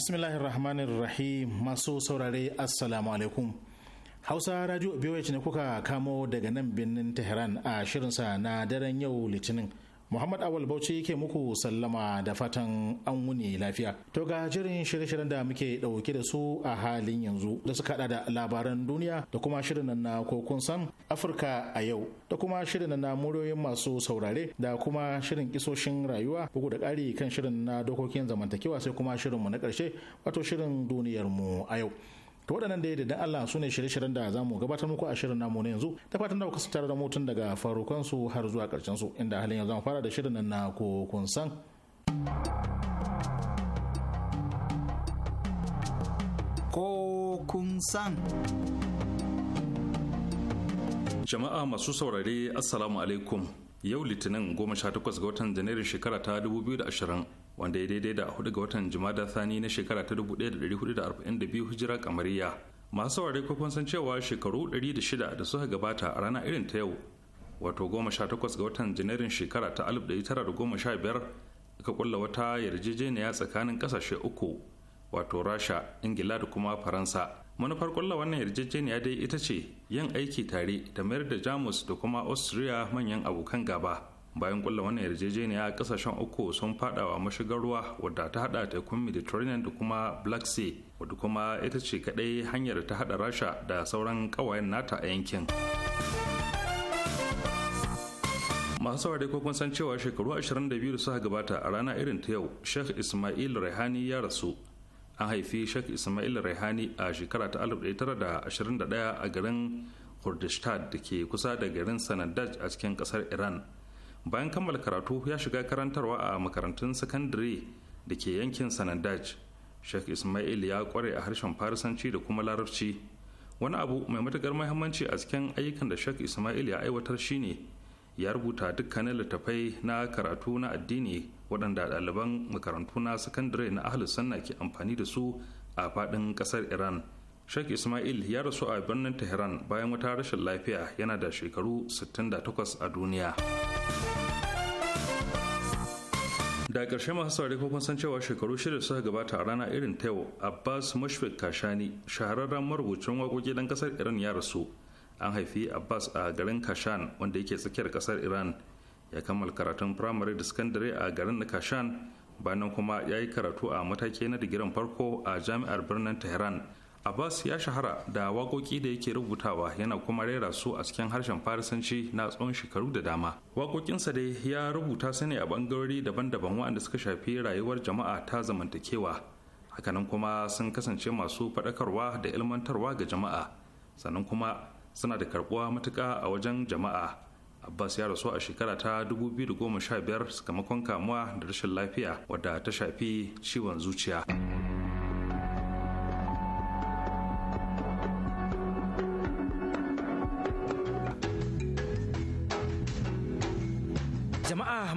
bismillahirrahmanirrahim masu saurare assalamu alaikum hausa radio biyu ne kuka kamo daga nan birnin tehran a shirinsa na daren yau litinin Muhammad Awal Bauchi yake muku sallama da fatan an wuni lafiya. To ga jirin shirye-shiryen da muke dauke da su a halin yanzu da suka hada da labaran duniya da kuma shirin nan na kokun san Afirka a yau da kuma shirin na muryoyin masu saurare da kuma shirin kisoshin rayuwa bugu da ƙari kan shirin na dokokin zamantakewa sai kuma shirin mu na karshe wato shirin duniyar mu a yau. to waɗannan da da Allah su ne shirye-shiryen da za mu gabatar muku a shirin namu na yanzu ta fatan da kuka tare da mutun daga farukan su har zuwa ƙarshen su inda halin yanzu mu fara da shirin nan na ko kun san ko kun san jama'a masu saurare assalamu alaikum yau litinin 18 ga watan janairun shekara ta 2020 wanda ya daidai da hudu ga watan jumada sani na shekara ta 1442 hijira kamariya masu saurare ko kun san cewa shekaru 106 da suka gabata a rana irin ta yau wato 18 ga watan janairun shekara ta 1915 aka kulla wata yarjejeniya tsakanin kasashe uku wato rasha ingila da kuma faransa manufar kulla wannan yarjejeniya dai ita ce yin aiki tare da mayar da jamus da kuma austria manyan abokan gaba bayan kulla wannan yarjejeniya kasashen uku sun fadawa mashigar ruwa wadda ta hada tekun mediterranean da kuma black sea wadda kuma ita ce kadai hanyar ta hada rasha da sauran kawayen nata a yankin masu saurari ko kun san cewa shekaru 22 da suka gabata a rana irin ta yau sheikh ismail rehani ya rasu an haifi sheikh ismail rehani a shekara ta 1921 a garin kurdistan da ke kusa da garin sanadaj a cikin kasar iran bayan kammala karatu ya shiga karantarwa a makarantun sakandare da ke yankin sanandaj sheikh ismail ya kware a harshen farisanci da kuma larabci wani abu mai matuƙar muhimmanci a cikin ayyukan da sheikh ismail ya aiwatar shine ya rubuta dukkanin littattafai na karatu na addini waɗanda ɗaliban makarantu na sakandare na ahlus sunna ke amfani da su a faɗin ƙasar iran Sheikh Ismail ya rasu a birnin Tehran bayan wata rashin lafiya yana da shekaru 68 a duniya. da ƙarshe masu saurari ko kun san cewa shekaru shida suka gabata a rana irin ta yau abbas Mushfiq kashani shahararren marubucin waƙoƙi ɗan ƙasar iran ya rasu an haifi abbas a garin kashan wanda yake tsakiyar ƙasar iran ya kammala karatun firamare da sakandare a garin na kashan bayan kuma ya yi karatu a mataki na digirin farko a jami'ar birnin tehran abbas ya shahara da waƙoƙi da yake rubutawa yana kuma rera su a cikin harshen farisanci na tsawon shekaru da dama waƙoƙinsa dai ya rubuta su ne a ɓangarori daban-daban waɗanda suka shafi rayuwar jama'a ta zamantakewa hakanan kuma sun kasance masu faɗakarwa da ilmantarwa ga jama'a sannan kuma suna da karɓuwa matuƙa a wajen jama'a abbas ya rasu a shekara ta 2015 sakamakon kamuwa da rashin lafiya wadda ta shafi ciwon zuciya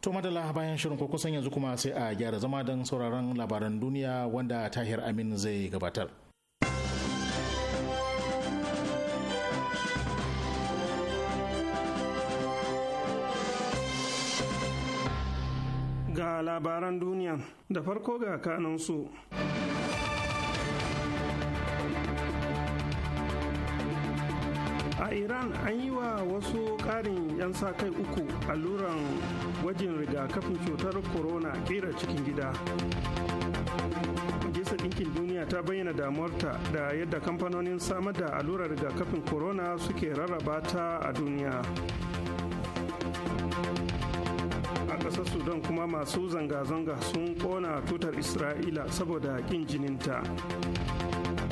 To madala bayan shirin ko kusan yanzu kuma sai a gyara zama don sauraron labaran duniya wanda Tahir Amin zai gabatar. Ga labaran duniya da farko ga kanansu. su. iran an yi wa wasu ƙarin 'yan sa kai uku alluran gwajin rigakafin cutar corona ƙera cikin gida majalisar ɗinkin duniya ta bayyana damuwarta da yadda kamfanonin samar da allurar rigakafin corona suke rarraba ta a duniya a ƙasar sudan kuma masu zanga-zanga sun ƙona tutar isra'ila saboda ƙin jininta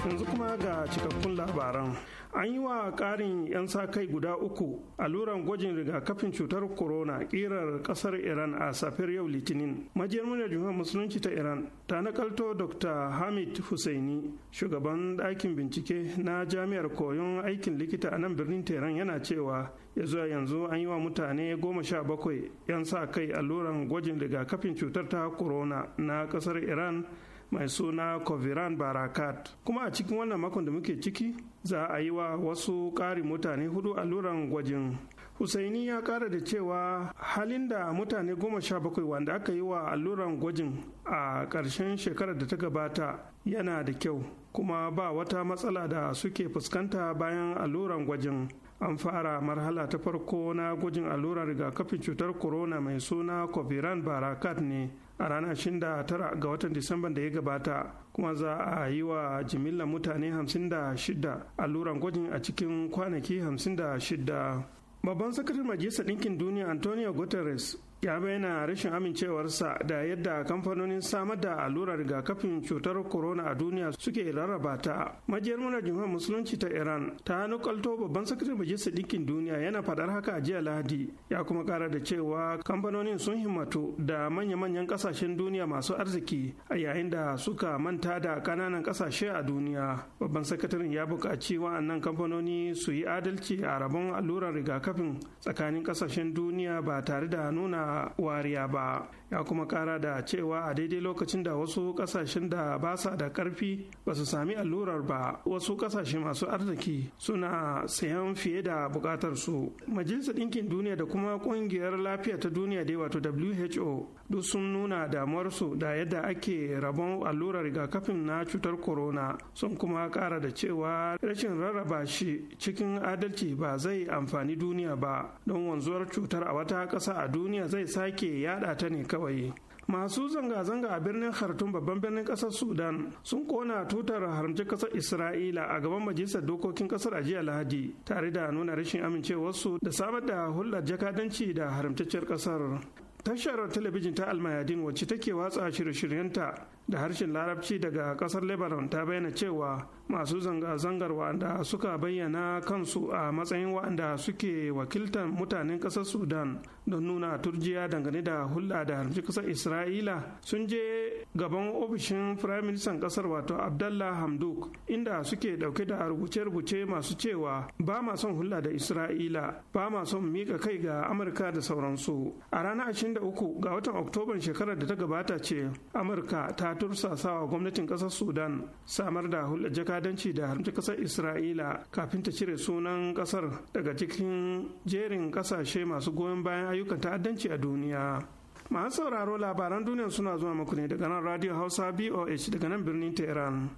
yanzu kuma ga cikakkun labaran an yi wa karin 'yan sa-kai guda uku alluran gwajin rigakafin cutar corona ƙirar ƙasar iran a safiyar yau litinin majiyar muryar jihar musulunci ta iran ta nakalto dr hamid husaini shugaban ɗakin bincike na jami'ar koyon aikin likita a nan birnin tehran yana cewa ya zuwa yanzu an yi wa mutane goma sha bakwai 'yan sa-kai alluran gwajin rigakafin cutar ta corona na ƙasar iran mai suna coviran barakat kuma a cikin wannan makon da muke ciki za a yi wa wasu ƙarin mutane hudu alluran gwajin Husaini ya ƙara da cewa halin da mutane goma sha bakwai wanda aka yi wa alluran gwajin a ƙarshen shekarar da ta gabata yana da kyau kuma ba wata matsala da suke fuskanta bayan alluran gwajin. An fara marhala ta farko na gwajin allurar rigakafin cutar corona mai suna Coviran Barakat ne a ranar 29 ga watan disamban da ya gabata kuma za a yi wa jimillar mutane hamsin da shida alluran gwajin a cikin kwanaki 56 babban sakatar majalisar ɗinkin duniya antonio guterres ya bayyana rashin amincewarsa da yadda kamfanonin samar da allurar rigakafin cutar corona a duniya suke rarraba ta majiyar muna jihar musulunci ta iran ta nukalto babban sakatar majalisar dinkin duniya yana faɗar haka a jiya lahadi ya kuma kara da cewa kamfanonin sun himmatu da manya-manyan kasashen duniya masu arziki a yayin da suka manta da kananan ƙasashe a duniya babban sakataren ya buƙaci wa'annan kamfanoni su yi adalci a rabon allurar rigakafin tsakanin kasashen duniya ba tare da nuna wariya ba ya kuma kara da cewa a daidai lokacin da wasu kasashen da ba sa da karfi ba su sami allurar ba wasu kasashe masu arziki suna sayan fiye da bukatar su majalisar ɗinkin duniya da kuma ƙungiyar lafiya ta duniya dai wato who duk sun nuna damuwarsu da yadda ake rabon allurar rigakafin na cutar corona sun kuma kara da cewa rashin rarraba shi cikin adalci ba zai amfani duniya ba don wanzuwar cutar a wata ƙasa a duniya zai sake yada ta ne kawai masu zanga-zanga a birnin khartoum babban birnin kasar sudan sun kona tutar haramci kasar isra'ila a gaban majalisar dokokin kasar a jiya lahadi tare da nuna rashin amincewarsu da samar da hulɗar jakadanci da haramtacciyar kasar tashar talabijin ta almayadin wacce take watsa shirye-shiryenta da harshen larabci daga kasar lebanon ta bayyana cewa masu zanga-zangar wanda suka bayyana kansu a matsayin waɗanda suke wakiltar mutanen ƙasar sudan don nuna turjiya dangane da hulɗa da harfi ƙasar isra'ila sun je gaban ofishin firaministan ƙasar wato abdallah hamduk inda suke ɗauke da rubuce-rubuce masu cewa ba ma son hulɗa da isra'ila ba ma son mika kai ga amurka da sauransu a ranar 23 ga watan oktoban shekarar da ta gabata ce amurka ta tursasawa gwamnatin ƙasar sudan samar da hulɗa jaka ta'addanci da haramci kasar isra'ila kafin ta cire sunan kasar daga cikin jerin kasashe masu goyon bayan ayyukan ta'addanci a duniya masu sauraro labaran duniya suna zuwa muku ne daga nan radio hausa boh daga nan birnin tehran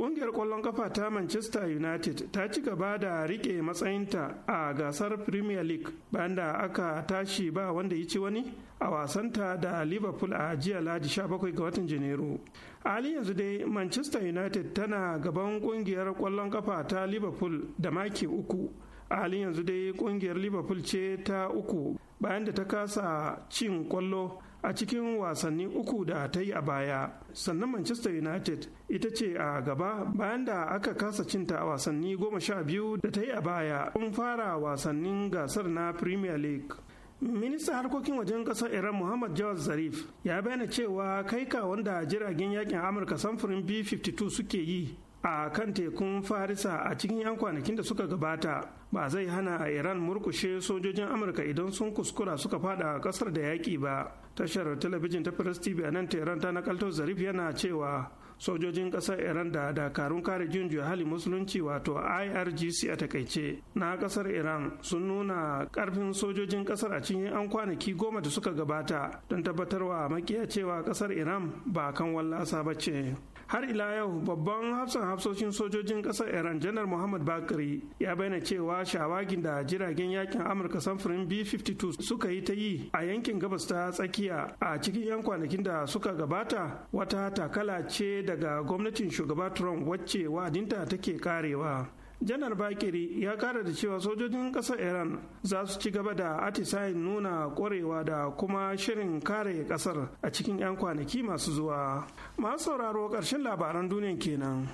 Ƙungiyar ƙwallon kafa ta Manchester United ta ci gaba da riƙe matsayinta a gasar Premier League bayan da aka tashi ba wanda ya ci wani a wasanta da Liverpool a jiya Ladi 17 ga watan Janairu. halin yanzu dai Manchester United tana gaban ƙungiyar ƙwallon kafa ta Liverpool da maki uku. a halin yanzu dai ƙungiyar Liverpool ce ta uku bayan da ta kasa cin ƙwallo a cikin wasanni uku da ta yi a baya sannan manchester united ita ce a gaba bayan da aka kasa cinta a wasanni goma sha biyu da ta yi a baya kun fara wasannin gasar na premier league Minista harkokin wajen kasar iran muhammad jawad zarif ya bayyana cewa kai ka wanda jiragen yakin amurka samfurin b-52 suke yi a kan tekun farisa a cikin 'yan kwanakin da suka gabata ba zai hana a iran murkushe sojojin amurka idan sun kuskura suka fada a kasar da yaƙi ba tashar talabijin ta press tv a nan tehran ta nakalto zarif yana cewa sojojin kasar iran da dakarun kare juyin hali musulunci wato irgc a takaice na kasar iran sun nuna karfin sojojin kasar a cikin an kwanaki goma da suka gabata don tabbatarwa makiya cewa kasar iran ba kan wallasa ba ce har ila yau babban hafsan hafsoshin sojojin kasar iran janar muhammad bakari ya bayyana cewa shawagin da jiragen yakin amurka samfurin b-52 suka yi ta yi a yankin gabas ta tsakiya a cikin 'yan kwanakin da suka gabata wata takala ce daga gwamnatin shugaba trump wacce wa'adinta take karewa janar bakiri ya kara da cewa sojojin kasar iran za su ci gaba da atisayin nuna kwarewa da kuma shirin kare kasar a cikin 'yan kwanaki masu zuwa masu sauraro karshen labaran duniya kenan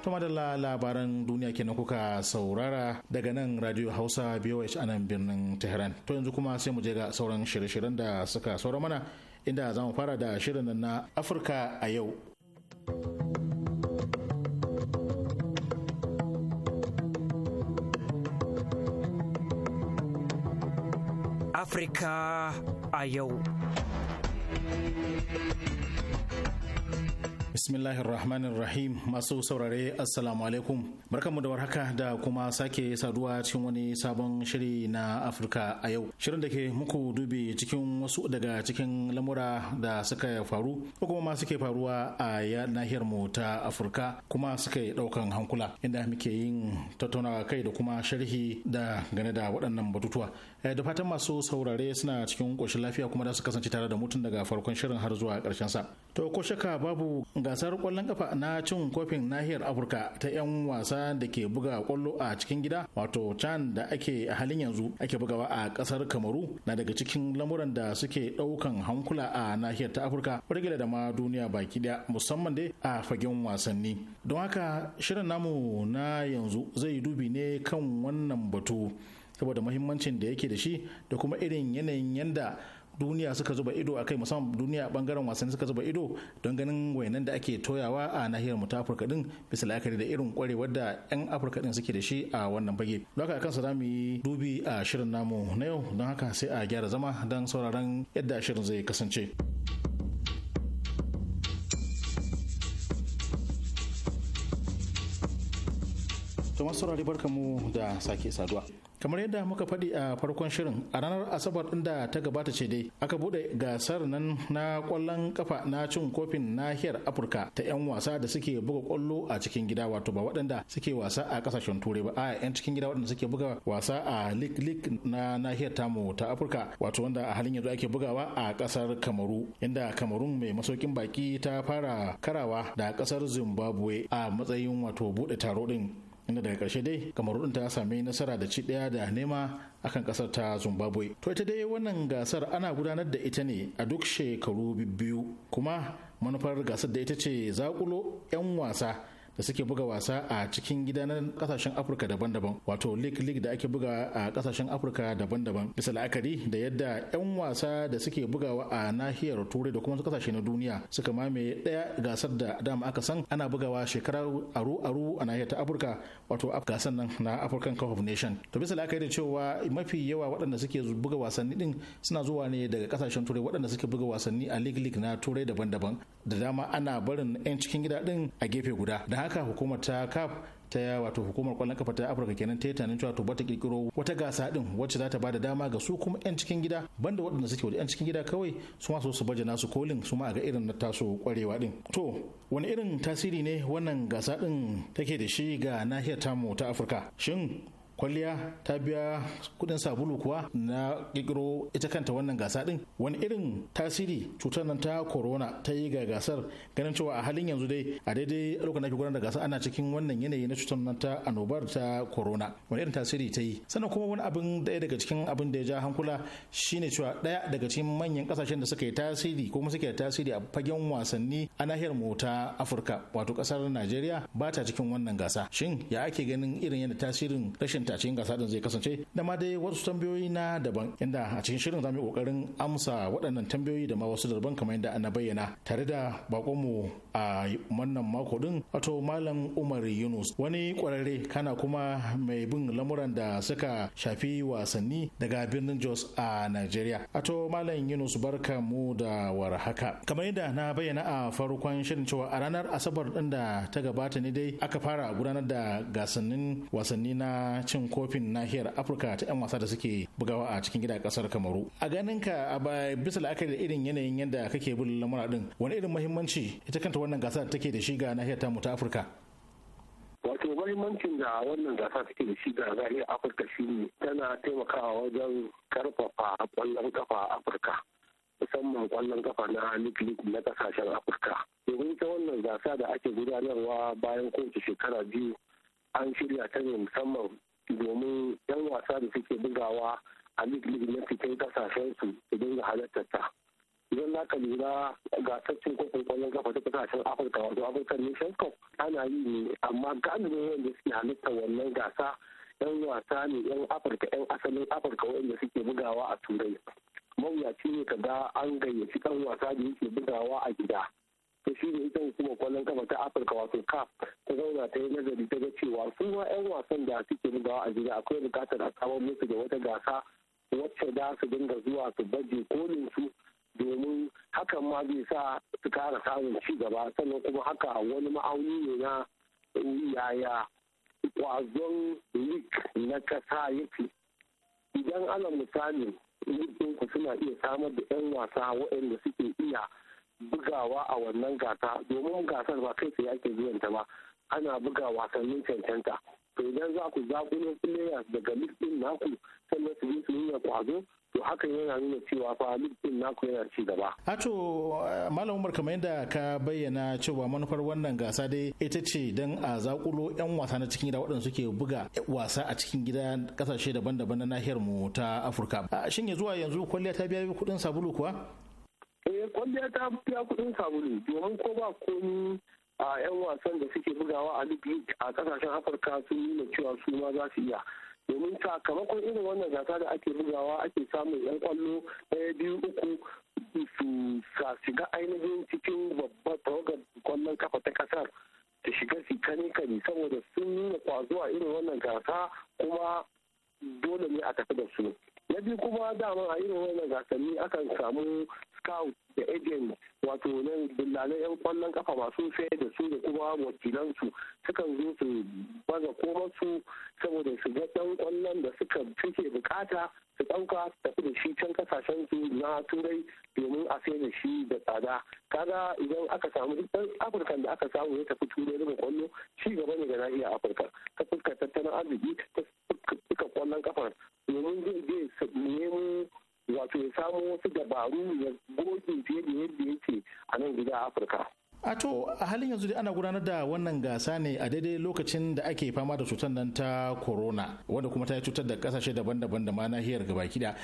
kuma da labaran duniya kenan kuka saurara daga nan radio hausa biyu a nan birnin tehran to yanzu kuma sai mu je ga sauran shirye-shiryen da suka saura mana inda za mu fara da shirin na Afirka a yau. Afirka a yau. Bismillahirrahmanirrahim masu saurare assalamu alaikum barkanmu da warhaka da kuma sake saduwa cikin wani sabon shiri na Afirka a yau shirin da ke muku dubi cikin wasu daga cikin lamura da suka faru ko kuma ma suke faruwa a nahiyar mu ta Afirka kuma suke daukan hankula inda muke yin tattaunawa kai da kuma sharhi da gane da waɗannan batutuwa Eh, da fatan masu saurare suna cikin ƙoshin lafiya kuma da su kasance tare da mutum daga farkon shirin har zuwa ƙarshen sa to ko shaka babu gasar kwallon kafa na cin kofin nahiyar afirka ta 'yan wasa da ke buga kwallo a cikin gida wato can da ake a halin yanzu ake bugawa a ƙasar kamaru na daga cikin lamuran da suke ɗaukan hankula a nahiyar ta afirka wargila da ma duniya baki ɗaya musamman dai a fagen wasanni don haka shirin namu na yanzu zai dubi ne kan wannan batu saboda muhimmancin da yake da shi da kuma irin yanayin yanda duniya suka zuba ido a kai musamman duniya bangaren wasanni suka zuba ido don ganin wayannan da ake toyawa a nahiyar mu ta afirka din bisa la'akari da irin kwarewar da yan afirka din suke da shi a wannan fage don kan kansa za yi dubi a shirin namu na yau don haka sai a gyara zama don sauraron yadda shirin zai kasance. to masu saurari barkamu da sake saduwa kamar yadda muka faɗi a farkon shirin a ranar asabar ɗin da ta gabata ce dai aka buɗe gasar nan na ƙwallon kafa na cin kofin nahiyar afirka ta 'yan wasa da suke buga ƙwallo a cikin gida wato ba waɗanda suke wasa a ƙasashen turai ba a 'yan cikin gida waɗanda suke buga wasa a lig lig na nahiyar tamu ta afirka wato wanda a halin yanzu ake bugawa a ƙasar kamaru inda kamarun mai masaukin baki ta fara karawa da ƙasar zimbabwe a matsayin wato buɗe taro ɗin inda daga karshe dai kamaru ta sami nasara da ci daya da nema akan kasar ta zimbabwe to ita dai wannan gasar ana gudanar da ita ne a duk shekaru biyu kuma manufar gasar da ita ce zakulo 'yan wasa da suke buga wasa a cikin gida na kasashen afirka daban-daban wato league league da ake buga a kasashen afirka daban-daban bisa la'akari da yadda 'yan wasa da suke bugawa a nahiyar turai da kuma kasashe na duniya suka mamaye daya gasar da dama aka san ana bugawa shekara aru-aru a nahiyar ta afirka wato gasar nan na african cup of nation to bisa la'akari da cewa mafi yawa waɗanda suke buga wasanni din suna zuwa ne daga kasashen turai waɗanda suke buga wasanni a league league na turai daban-daban da dama ana barin 'yan cikin gida din a gefe guda da haka hukumar ta kaf ta wato hukumar kwallon kafa ta afirka kenan ta yi tunanin cewa bata kirkiro wata gasa din wacce za ta da dama ga su kuma yan cikin gida banda waɗanda suke wajen yan cikin gida kawai su ma so su baje nasu kolin su ma a ga irin na taso kwarewa din to wani irin tasiri ne wannan gasa din take da shi ga nahiyar tamu ta afirka shin kwalliya ta biya kudin sabulu kuwa na kikiro ita kanta wannan gasa din wani irin tasiri cutar nan ta corona ta yi ga gasar ganin cewa a halin yanzu dai a daidai lokacin da ke gudanar da gasa ana cikin wannan yanayi na cutar nan ta annobar ta corona wani irin tasiri ta yi sannan kuma wani abin daya daga cikin abin da ya ja hankula shine cewa daya daga cikin manyan kasashen da suka yi tasiri ko kuma suke tasiri a fagen wasanni a nahiyar mu ta Afirka wato kasar Najeriya ba ta cikin wannan gasa shin ya ake ganin irin yadda tasirin rashin ta a cikin gasa din zai kasance da ma dai wasu tambayoyi na daban inda a cikin shirin zamu yi kokarin amsa waɗannan tambayoyi da ma wasu daban kamar yadda ana bayyana tare da bakonmu a wannan mako din wato malam Umar Yunus wani kwararre kana kuma mai bin lamuran da suka shafi wasanni daga birnin Jos a nigeria. ato malam Yunus barka mu da warhaka kamar yadda na bayyana a farkon shirin cewa a ranar Asabar din da ta gabata ne dai aka fara gudanar da gasannin wasanni na cin cin kofin nahiyar afirka ta 'yan wasa da suke bugawa a cikin gida kasar kamaru a ganin ka a bisa la'akari da irin yanayin yadda kake bin lamura din wani irin muhimmanci ita kanta wannan gasa da take da shi ga nahiyar tamu ta afirka wato mahimmancin da wannan gasa take da shi ga nahiyar afirka shine tana taimakawa wajen karfafa kwallon kafa afirka musamman kwallon kafa na nuklik na kasashen afirka domin ta wannan gasa da ake gudanarwa bayan kowace shekara biyu an shirya ta ne musamman domin 'yan wasa da suke bugawa a lig na fitar kasashen su su dinga halartar ta idan na ka lura gasar cin kofin kwallon kafa ta kasashen afirka wato african nations cup ana yi ne amma galibin wanda suke halittar wannan gasa yan wasa ne yan afirka yan asalin afirka wanda suke bugawa a turai mawuyaci ne ga an gayyaci 'yan wasa da yake bugawa a gida to shi ne ita hukumar kwallon kafa ta afirka wato kaf ta zauna ta yi nazari ta ga cewa su ma 'yan wasan da suke bugawa a gida akwai bukatar a samar musu da wata gasa wacce za su dinga zuwa su baje kolin su domin hakan ma zai sa su kara samun ci gaba sannan kuma haka wani ma'auni ne na yaya kwazon lik na kasa yake idan ana misali lik ku suna iya samar da 'yan wasa waɗanda suke iya bugawa a wannan gasa domin gasar ba kai tsaye ake biyan ta ba ana buga wasannin cancanta to idan za ku zakulo players daga league naku sannan su yi su nuna kwazo to hakan yana nuna cewa fa din naku yana ci gaba. a to eh, malam umar kamar yadda ka bayyana cewa manufar wannan gasa dai ita ce don a zakulo yan wasa na cikin gida waɗanda suke buga wasa a cikin gida kasashe daban-daban na nahiyar mu ta afirka ah, shin ya zuwa yanzu kwalliya ta biya kuɗin sabulu kuwa kwalliya ta biya kuɗin sabulu domin ko ba komi a 'yan wasan da suke bugawa a duk a kasashen afirka sun nuna cewa su ma za su iya domin sakamakon irin wannan gasa da ake bugawa ake samun 'yan kwallo daya biyu uku su shiga ainihin cikin babbar tawagar kwallon kafa ta kasar ta shiga su kane kane saboda sun nuna kwazo a irin wannan gasa kuma dole ne a tafi da su na biyu kuma dama a irin wannan gasanni akan samu scout da agent wato nan dillalai yan kwallon kafa masu sai da su da kuma wakilansu sukan zo su baza komarsu saboda su ga dan kwallon da suka suke bukata su ɗauka su tafi da shi can kasashen su na turai domin a sai da shi da tsada kaga idan aka samu dan afirka da aka samu ya tafi turai daga kwallo shi gaba ne ga nahiyar afirka ta fuska tattalin arziki ta fuskar kwallon kafar domin zai je nemo wato ya samo wasu dabaru ya goge fiye da yadda yake a nan gida afirka a to a halin yanzu dai ana gudanar da wannan gasa ne a daidai lokacin da ake fama da cutar nan ta corona wanda kuma ta yi cutar da kasashe daban-daban da ma nahiyar gaba kida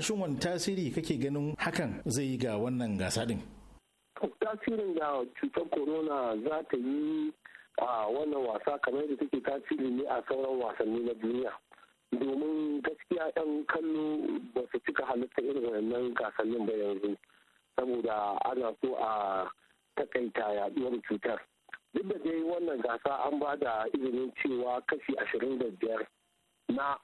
shin wani tasiri kake ganin hakan zai yi ga wannan gasa din tasirin da cutar corona za ta yi a wannan wasa kamar da take tasiri ne a sauran wasanni na duniya domin gaskiya 'yan kallo ba su cika halitta irin wannan gasannin ba yanzu saboda ana so a takaita yaduwar cutar duk da dai wannan gasa an ba da izinin cewa kashi ashirin da biyar na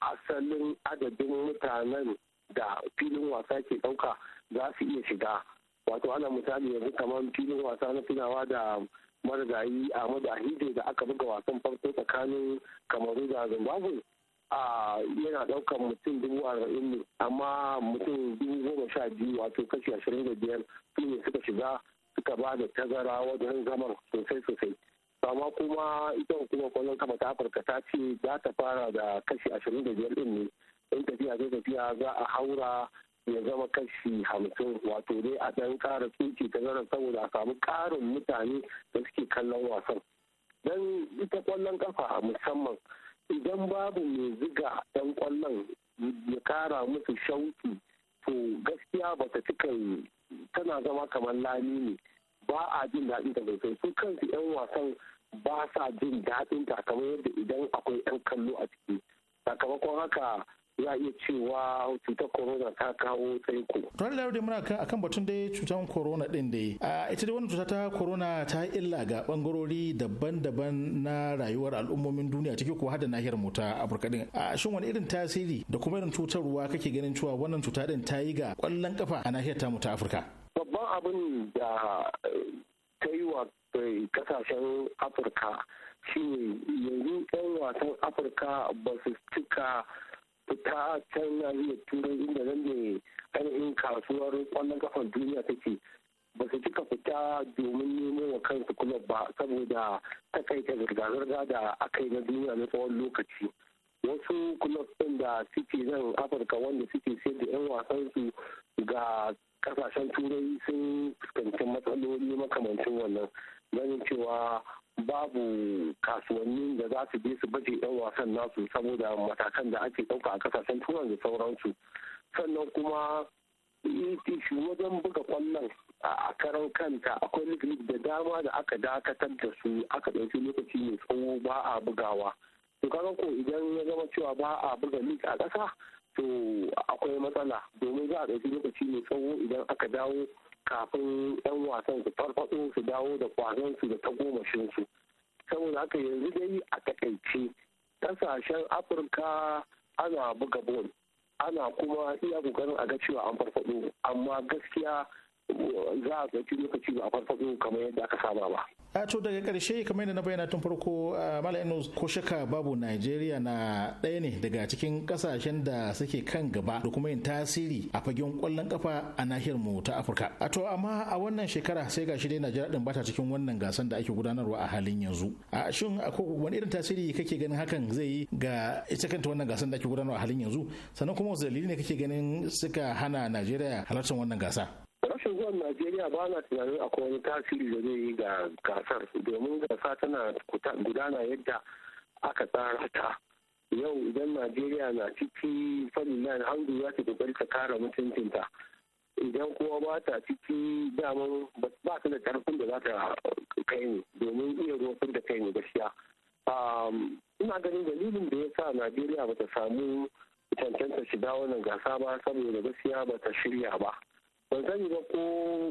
asalin adadin mutanen da filin wasa ke ɗauka za su iya shiga wato ana misali yanzu kamar filin wasa na tunawa da marigayi ahmadu ahide da aka buga wasan farko tsakanin kamaru da zimbabwe a yana ɗaukar mutum dubu arba'in ne amma mutum dubu goma sha biyu wato kashi ashirin da biyar su ne suka shiga suka ba da tazara wajen zaman sosai sosai amma kuma ita hukumar kwallon kama ta afirka ta ce za ta fara da kashi ashirin da biyar din ne in tafiya zai tafiya za a haura ya zama kashi hamsin wato dai a ɗan kara tsinci ta zarar saboda a samu karin mutane da suke kallon wasan don ita kwallon kafa musamman idan babu mai ziga dan kwallon ya kara musu shauki to gaskiya ba ta cika tana zama kamar lami ne ba a jin daɗin ta sosai su kansu 'yan wasan ba sa jin daɗin ta kamar yadda idan akwai 'yan kallo a ciki sakamakon haka za a iya cewa cutar corona ta kawo tsaiko. Tun da muna kan akan batun dai cutar corona din dai. A ita dai wannan cuta ta corona ta yi illa ga bangarori daban-daban na rayuwar al'ummomin duniya take kuwa hada nahiyar mu ta Afirka din. A shin wani irin tasiri da kuma irin cutarwa kake ganin cewa wannan cuta din ta yi ga kwallon kafa a nahiyar tamu ta Afirka? Babban abin da eh, ta yi wa kasashen eh, Afirka shine yanzu 'yan wasan Afirka ba su cika ta can nahiyar turai inda nan ne ainihin kasuwar kwallon kafar duniya take ba su cika fita domin nemo wa kansu kuma ba saboda ta ta zirga-zirga da aka yi na duniya na tsawon lokaci wasu kuma ɗin da suke zan afirka wanda suke sayar da 'yan wasansu ga kasashen turai sun fuskanci matsaloli makamancin wannan ganin cewa babu kasuwannin da za su je su baje yan wasan nasu saboda matakan da ake ɗauka a kasashen turan da sauransu sannan kuma shi e wajen buga kwallon a karan kanta akwai lig da dama da aka dakatar da su aka ɗauki lokaci mai tsawo ba a bugawa to kaga ko idan ya zama cewa ba a buga lig a ƙasa to akwai matsala domin za a ɗauki lokaci mai tsawo idan aka dawo kafin 'yan wasan su farfaɗo su dawo da su da su saboda haka yanzu dai a takaice ƙasashen afirka ana buga bol ana kuma iya kokarin a ga cewa an farfaɗo amma gaskiya za a ga lokaci ba a farfaɗo kamar yadda aka saba ba. a to daga karshe kamar yadda na bayyana tun farko malam ko shaka babu najeriya na ɗaya ne daga cikin kasashen da suke kan gaba da kuma yin tasiri a fagen ƙwallon kafa a nahiyar mu ta afirka a to amma a wannan shekara sai gashi dai najeriya din bata cikin wannan gasan da ake gudanarwa a halin yanzu a shin wani irin tasiri kake ganin hakan zai yi ga ita kanta wannan gasan da ake gudanarwa a halin yanzu sannan kuma wasu dalili ne kake ganin suka hana najeriya halartar wannan gasa rashin zuwan najeriya ba na tunanin akwai wani tasiri da zai yi ga gasar domin gasa tana gudana yadda aka tsara ta yau idan najeriya na ciki falilan hangu za ta kokari ta kara mutuncinta idan kuma ba ta ciki damar ba ta da karfin da za ta kai ne domin iya rofin da kai ne gaskiya ina ganin dalilin da ya sa najeriya ba ta samu cancanta shiga wannan gasa ba saboda gaskiya ba ta shirya ba ban sani ba ko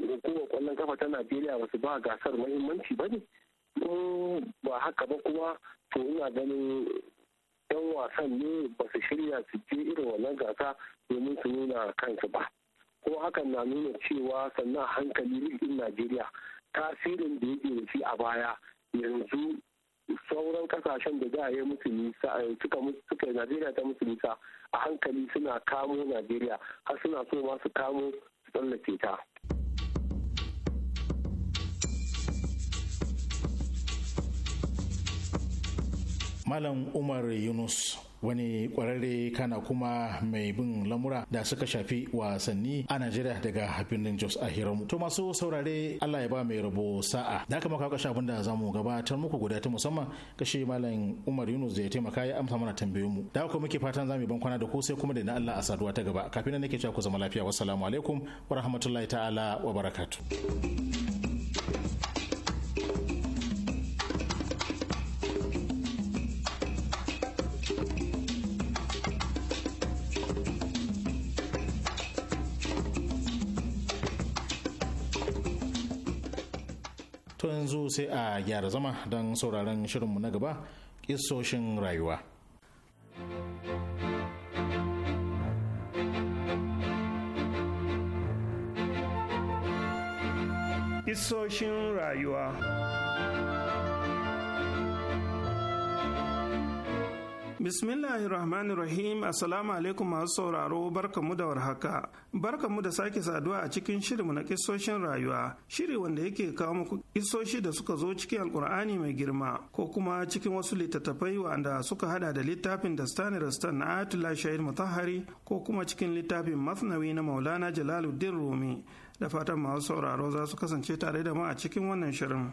hukumar kwallon kafa ta najeriya ba su ba gasar muhimmanci ba ne ba haka ba kuma to ina ganin yan wasan ne ba su shirya su je irin wannan gasa domin su nuna kansu ba ko hakan na nuna cewa sannan hankali rikin najeriya tasirin da yake da shi a baya yanzu sauran kasashen da za a yi musu nisa suka suka najeriya ta musu nisa a hankali suna kamo najeriya har suna so ma su kamo tsallake ta Malam Umar Yunus wani kwararre kana kuma mai bin lamura da suka shafi wasanni a Najeriya daga birnin Jos a Hiram. To masu saurare Allah ya ba mai rabo sa'a. Da kuma ka kashe abin da za mu gabatar muku guda ta musamman kashe Malam Umar Yunus da ya taimaka ya amsa mana tambayoyin mu. Da kuma muke fatan za mu ban kwana da ku sai kuma da na Allah a saduwa ta gaba. Kafin nan nake cewa ku zama lafiya. Wassalamu alaikum wa rahmatullahi ta'ala wa barakatuh. yanzu sai a gyara zama don sauraron shirinmu na gaba kisoshin rayuwa. isoshin rayuwa Bismillahi Rahmanir Rahim Assalamu alaikum masu sauraro barkamu da warhaka. Barkamu da sake saduwa a cikin shirinmu na kisoshin rayuwa, shiri wanda yake kawo muku kisoshi da suka zo cikin Alkur'ani mai girma ko kuma cikin wasu littattafai wanda suka hada da littafin da Stani Rastan na Ayatollah Shahid Mutahari ko kuma cikin littafin Masnawi na Maulana Jalaluddin Rumi. Da fatan masu sauraro za su kasance tare da mu a cikin wannan shirin.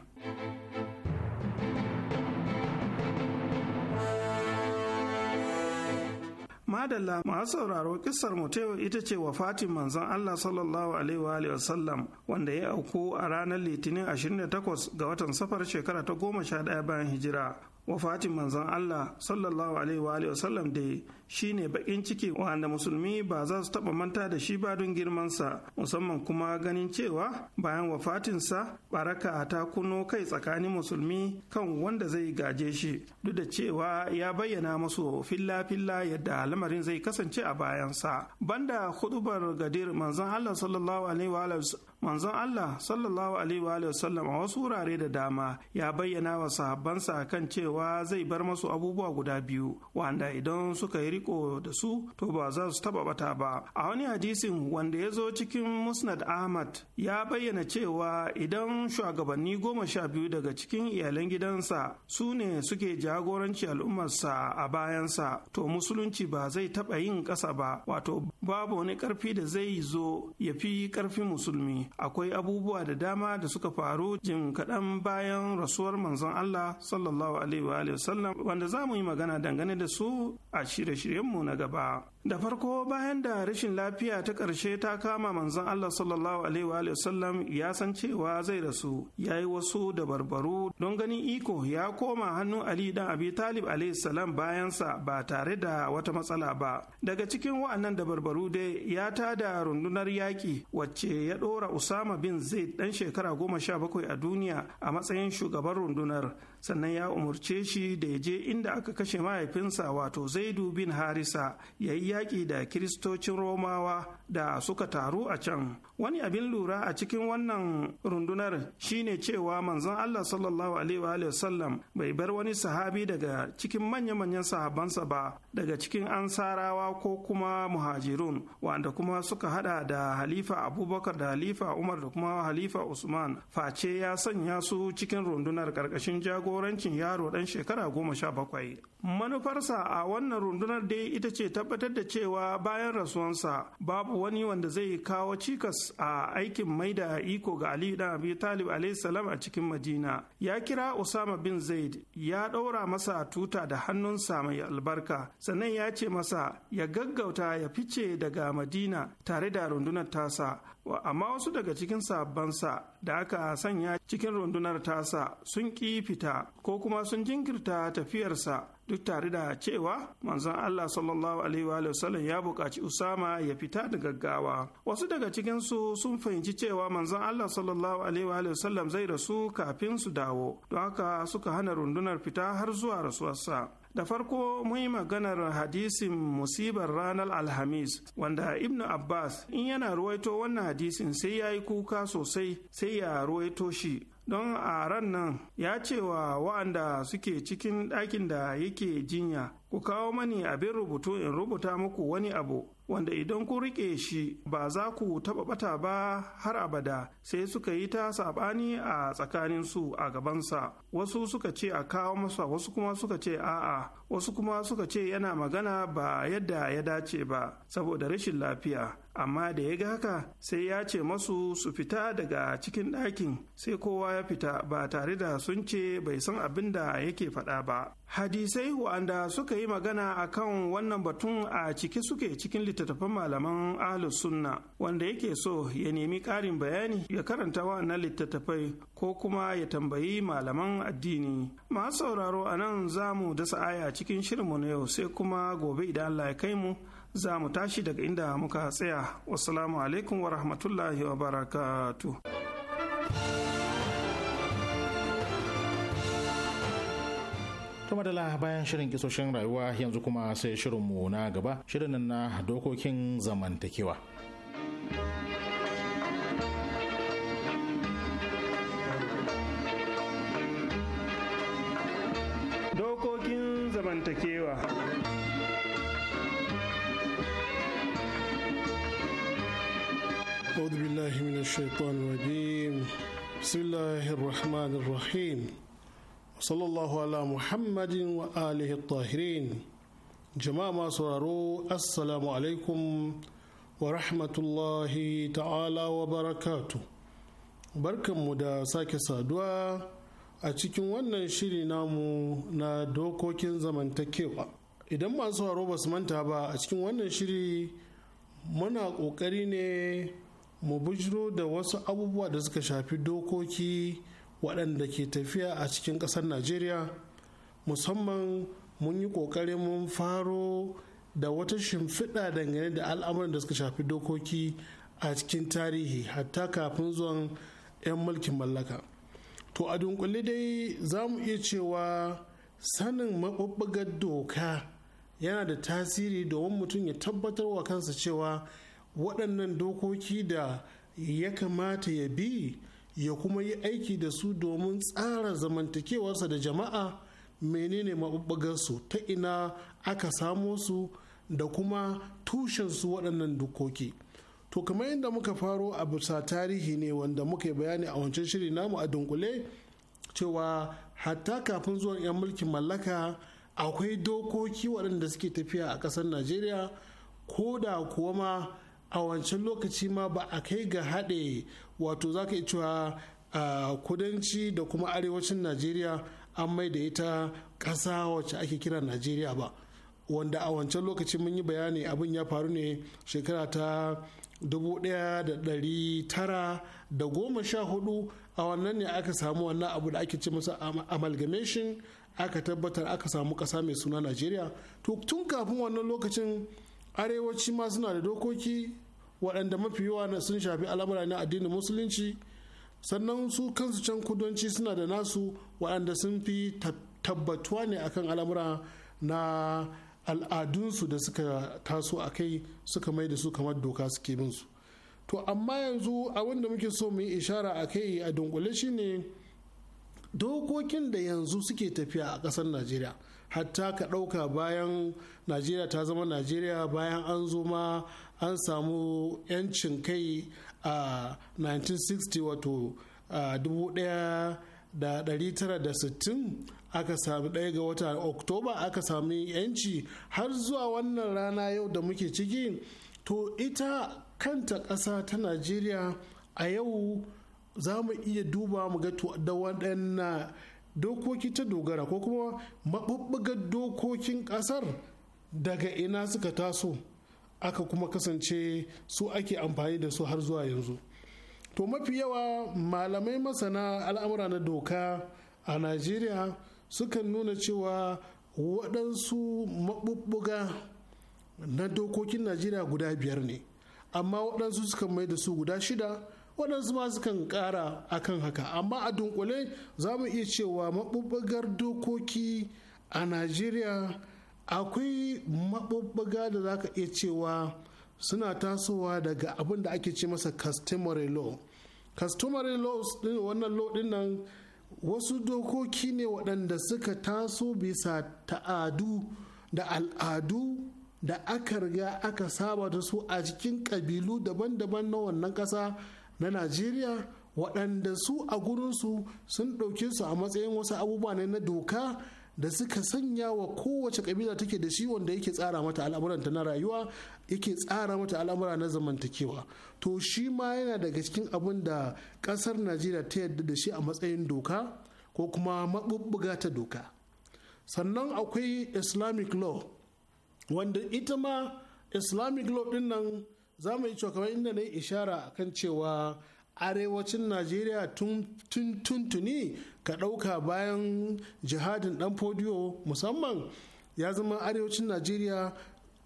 madalla ma sauraro kissar mu ta yau ita ce wa fatin manzon Allah sallallahu alaihi wa sallam wanda ya auku a ranar litinin 28 ga watan safar shekara ta 11 bayan hijira wa fatin manzon Allah sallallahu alaihi wa sallam dai. shine bakin ciki wanda musulmi ba za su taba manta da shi ba don girmansa musamman kuma ganin cewa bayan wafatinsa baraka ta kuno kai tsakanin musulmi kan wanda zai gaje shi duk da cewa ya bayyana masu filla-filla yadda lamarin zai kasance a bayansa banda hudubar gadir manzon Allah sallallahu alaihi wa manzon Allah sallallahu alaihi wa sallam a wasu wurare da dama ya bayyana wa sahabbansa kan cewa zai bar masu abubuwa guda biyu wanda idan suka yi riko da su to ba za su taba bata ba a wani hadisin wanda ya zo cikin musnad ahmad ya bayyana cewa idan shugabanni goma sha biyu daga cikin iyalan gidansa su ne suke jagoranci al'ummarsa a bayansa to musulunci ba zai taba yin ƙasa ba wato babu wani ƙarfi da zai zo ya fi ƙarfin musulmi akwai abubuwa da dama da suka faru jin kaɗan bayan rasuwar manzon Allah sallallahu alaihi wa sallam wanda za mu yi magana dangane da su a shirye-shirye shirye-shiryenmu na gaba. Da farko bayan da rashin lafiya ta ƙarshe ta kama manzon Allah sallallahu alaihi wa sallam ya san cewa zai rasu ya yi wasu dabarbaru don ganin iko ya koma hannun Ali dan Abi Talib salam bayansa ba tare da wata matsala ba. Daga cikin wa'annan dabarbaru dai ya ta da rundunar yaƙi wacce ya ɗora Usama bin Zaid ɗan shekara goma sha bakwai a duniya a matsayin shugaban rundunar. sannan ya umarce shi da ya je inda aka kashe mahaifinsa wato zaidu bin harisa ya yi yaƙi da kiristocin romawa da suka taru a can wani abin lura a cikin wannan rundunar shine cewa manzon Allah sallallahu alaihi wa sallam bai bar wani sahabi daga cikin manya-manyan sahabansa ba daga cikin ansarawa ko kuma muhajirun wanda kuma suka hada da halifa abubakar da halifa umar da kuma halifa usman face ya sanya su cikin rundunar karkashin jagorancin yaro dan shekara goma sha bakwai manufarsa a wannan rundunar dai ita ce tabbatar da cewa bayan rasuwansa babu wani wanda zai kawo cikas a aikin mai da iko ga ali dan abi talib salam a cikin madina ya kira usama bin zaid ya ɗaura masa tuta da hannunsa mai albarka sannan ya ce masa ya gaggauta ya fice daga madina tare da rundunar tasa amma wasu daga cikin sabansa da aka sanya cikin rundunar tasa sun ƙi fita ko kuma sun jinkirta tafiyarsa duk tare da cewa manzon Allah sallallahu alaihi wa sallam ya buƙaci Usama ya fita da gaggawa wasu daga cikin su sun fahimci cewa manzon Allah sallallahu alaihi wa sallam zai rasu kafin su dawo don haka suka hana rundunar fita har zuwa rasuwarsa da farko mun maganar hadisin musibar ranar alhamis wanda ibnu abbas in yana ruwaito wannan hadisin sai ya yi kuka sosai sai ya ruwaito shi don a ran nan ya ce wa wa'anda suke cikin ɗakin da yake jinya ku kawo mani abin rubutu in rubuta muku wani abu wanda idan ku riƙe shi ba za ku taɓa ɓata ba har abada sai suka yi ta saɓani a tsakaninsu a gabansa wasu suka ce a kawo masa wasu kuma suka ce a'a wasu kuma suka ce yana magana ba yadda ya dace ba saboda rashin lafiya amma da ya ga haka sai ya ce masu su fita daga cikin ɗakin sai kowa ya fita ba tare da sun ce bai san abin da yake faɗa ba hadisai wanda suka yi magana a kan wannan batun a cike suke cikin littattafan malaman ahlus sunna wanda yake so ya nemi ƙarin bayani ya karanta wannan littattafai ko kuma ya tambayi malaman addini masu sauraro a nan za mu dasa aya cikin shirinmu na yau sai kuma gobe idan allah ya kai mu za mu tashi daga inda muka tsaya wasalamu alaikum wa rahmatullahi wa barakatu madala bayan shirin kisoshin rayuwa yanzu kuma sai shirinmu na gaba shirin na dokokin zamantakewa dokokin zamantakewa أعوذ بالله من الشيطان الرجيم بسم الله الرحمن الرحيم وصلى الله على محمد وآله الطاهرين جماعة سرارو السلام عليكم ورحمة الله تعالى وبركاته بركة مدى ساكي سادوا أتكين وانا شيري نامو نا دوكو كين زمن تكيوا idan masu haro ba su manta ba a cikin wannan shiri muna ƙoƙari ne mu bujiro da wasu abubuwa da suka shafi dokoki waɗanda ke tafiya a cikin ƙasar najeriya musamman mun yi ƙoƙari mun faro da wata shimfiɗa dangane da al'amuran da suka shafi dokoki a cikin tarihi hatta kafin zuwan 'yan mulkin mallaka to a dunkule dai za mu iya cewa sanin maɓuɓɓugar doka yana da tasiri domin mutum ya tabbatar wa kansa cewa waɗannan dokoki da ya kamata ya bi ya kuma yi aiki da su domin tsara zamantakewarsa da jama'a menene su ta ina aka samo su da kuma tushensu waɗannan dokoki to kamar yadda muka faro a bisa tarihi ne wanda muka yi bayani a wancan shiri namu a dunkule cewa hatta kafin zuwan 'yan mulkin mallaka akwai dokoki waɗanda suke tafiya a ƙasar najeriya ko da kuwa ma a wancan lokaci ma ba a kai ga haɗe wato za ka cewa a kudanci da kuma arewacin najeriya an mai da ita ƙasa wacce ake kira najeriya ba wanda a wancan lokaci mun yi bayani abin ya faru ne shekara ta goma 1914 a wannan ne aka samu wannan abu da ake ce masa amalgamation aka tabbatar aka samu ƙasa mai suna najeriya to tun kafin wannan lokacin arewaci ma suna da dokoki waɗanda mafi yawa sun shafi al'amura na addinin musulunci sannan su kansu can kudanci suna da nasu waɗanda sun fi tabbatuwa ne akan al'amura na al'adunsu da suka taso a kai suka mai da su kamar doka suke bin su to amma yanzu abin da muke so mu yi ishara a kai a dunkule shine dokokin da yanzu suke tafiya a ƙasar najeriya hatta ka ɗauka bayan najeriya ta zama najeriya bayan an zo ma an samu 'yancin kai a 1960 wato 1960 aka sami ɗaya ga wata oktoba aka sami 'yanci har zuwa wannan rana yau da muke ciki to ita kanta ƙasa ta najeriya a yau za mu iya duba mu ga da waɗannan dokoki ta dogara ko kuma maɓuɓɓugar dokokin ƙasar daga ina suka taso aka kuma kasance su ake amfani da su har zuwa yanzu to mafi yawa malamai masana al'amura na doka a najeriya sukan nuna cewa waɗansu maɓuɓɓuga na dokokin najeriya guda biyar ne amma waɗansu suka mai da su guda shida waɗansu ma sukan ƙara kan haka amma a dunkule za mu iya cewa maɓuɓɓugar dokoki a najeriya akwai maɓuɓɓuga da za ka iya cewa suna tasowa daga abin da ake ce masa customary law customary laws din wannan law din nan wasu dokoki ne waɗanda suka taso bisa ta'adu da al'adu da aka riga aka saba da su a cikin ƙabilu daban-daban na wannan ƙasa na najeriya waɗanda su a gurinsu sun ɗauke su a matsayin wasu abubuwa ne na doka da suka sanya wa kowace kabila take da shi wanda yake tsara mata al'amuranta na rayuwa yake tsara mata al'amura na zamantakewa to shi ma yana daga cikin abin da ƙasar najeriya ta yadda da shi a matsayin doka ko kuma maɓuɓɓuga ta doka sannan akwai islamic law wanda ita ma islamic law ɗin nan za mu yi cewa kamar inda na yi ishara kan cewa arewacin najeriya tun tuntuni ka ɗauka bayan jihadin dan fodiyo musamman ya zama arewacin najeriya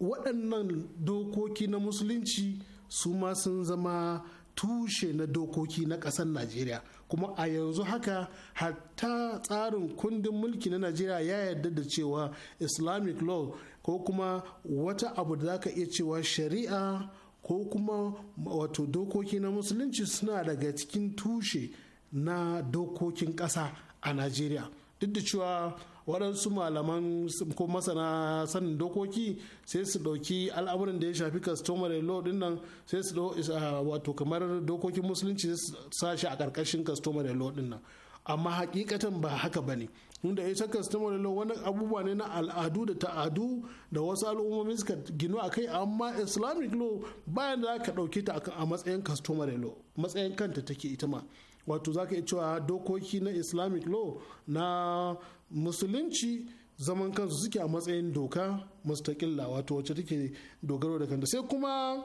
waɗannan dokoki na musulunci su ma sun zama tushe na dokoki na ƙasar najeriya kuma a yanzu haka hatta tsarin kundin mulki na najeriya ya yarda da cewa islamic law ko kuma wata abu da za ka iya cewa shari'a ko kuma wato dokoki na musulunci suna daga cikin tushe na dokokin ƙasa a najeriya duk da cewa waɗansu malaman ko masana sanin dokoki sai su ɗauki al'amuran da ya shafi customer law din nan sai su ah, wato kamar dokokin musulunci sai su sashi a ƙarƙashin customer law din nan amma hakikatan ba haka ba ne inda ita customary law wani abubuwa ne na al'adu da ta'adu da wasu al'ummomi suka ginu a kai amma islamic law bayan da ka dauke ta a matsayin customary law matsayin kanta take ita ma wato za ka iya cewa dokoki na islamic law na musulunci zaman kansu suke a matsayin doka mustaƙilla wato wacce take dogaro da kanta sai kuma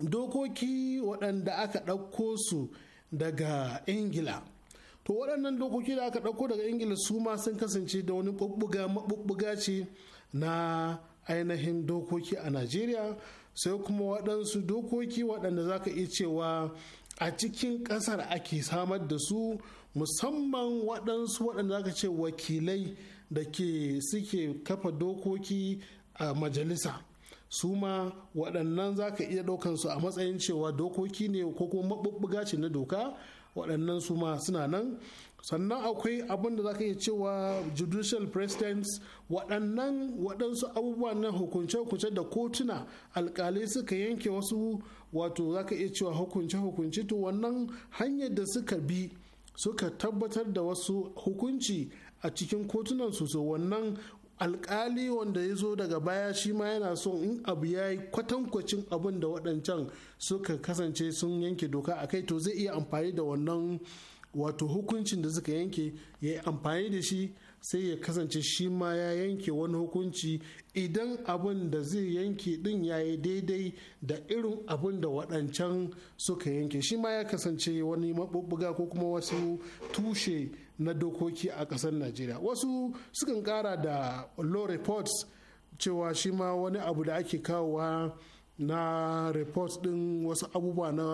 dokoki waɗanda aka ɗauko su daga ingila to waɗannan dokoki da aka ɗauko daga ingila su ma sun kasance da wani ɓuɓɓuga maɓuɓɓuga ce na ainihin dokoki a najeriya sai kuma waɗansu dokoki waɗanda za ka iya cewa a cikin ƙasar ake samar da su musamman waɗansu waɗanda za ka ce wakilai da ke suke kafa dokoki a majalisa su ma waɗannan za ka iya ɗaukansu a matsayin cewa dokoki ne ko kuma maɓuɓɓuga ce na doka waɗannan su ma suna nan sannan akwai abin da za ka iya cewa judicial presidents waɗannan waɗansu abubuwa na hukunce-hukunce da kotuna alkalai suka yanke wasu wato za ka iya cewa hukunce-hukunce to wannan hanyar da suka bi suka tabbatar da wasu hukunci a cikin kotunan su wannan alkali wanda ya zo daga baya shi ma yana son in abu ya yi kwatankwacin abin da waɗancan suka kasance sun yanke doka a kai to zai iya amfani da wannan wato hukuncin da suka yanke ya yi amfani da shi sai ya kasance shi ma ya yanke wani hukunci idan abin da zai yanke din ya yi daidai da irin abin da waɗancan suka yanke shi ma ya kasance wani maɓuɓɓuga ko kuma wasu tushe na dokoki a ƙasar najeriya wasu sukan ƙara da law reports cewa shi ma wani abu da ake kawowa na report din wasu abubuwa na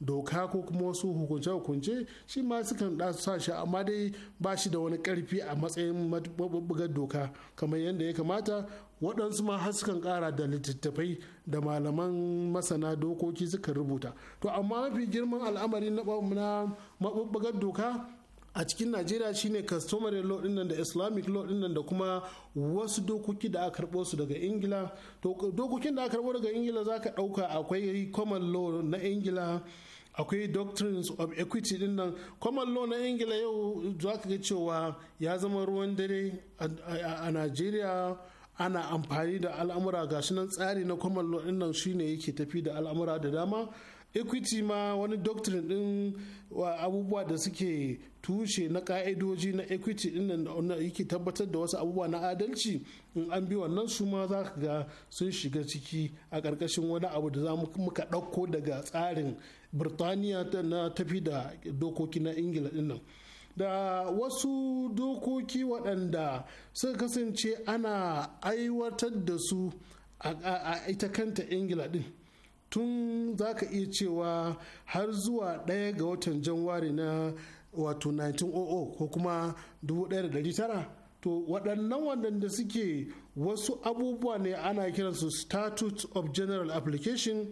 doka ko kuma wasu hukunce-hukunce shi ma sukan da sa shi amma dai ba shi da wani karfi a matsayin mabubbugar doka kamar yadda ya kamata waɗansu ma har sukan ƙara da littattafai da malaman masana dokoki suka rubuta to amma mafi girman al'amari na mabubbugar doka a cikin najeriya shine customary law din da islamic law din da kuma wasu dokoki da aka karbo su daga ingila dokokin da aka karbo daga ingila zaka dauka akwai common law na ingila akwai doctrines of equity din nan common law na ingila yau za ka ga cewa ya zama ruwan dare a najeriya ana amfani da al'amura ga nan tsari na common law din nan shine yake tafi da al'amura da dama equity ma wani doctrine din abubuwa da suke tushe na ka'idoji na equity din da yake tabbatar da wasu abubuwa na adalci in an bi wannan su ma za ka ga sun shiga ciki a karkashin wani abu da za muka ɗauko daga tsarin birtaniya na tafi da dokoki na ingila din nan da wasu dokoki waɗanda suka kasance ana aiwatar da su a ita kanta ingila din tun za ka iya cewa har zuwa ɗaya ga watan janwari na wato 1900 ko kuma 1900 to waɗannan waɗanda suke wasu abubuwa ne ana kiransu statute of general application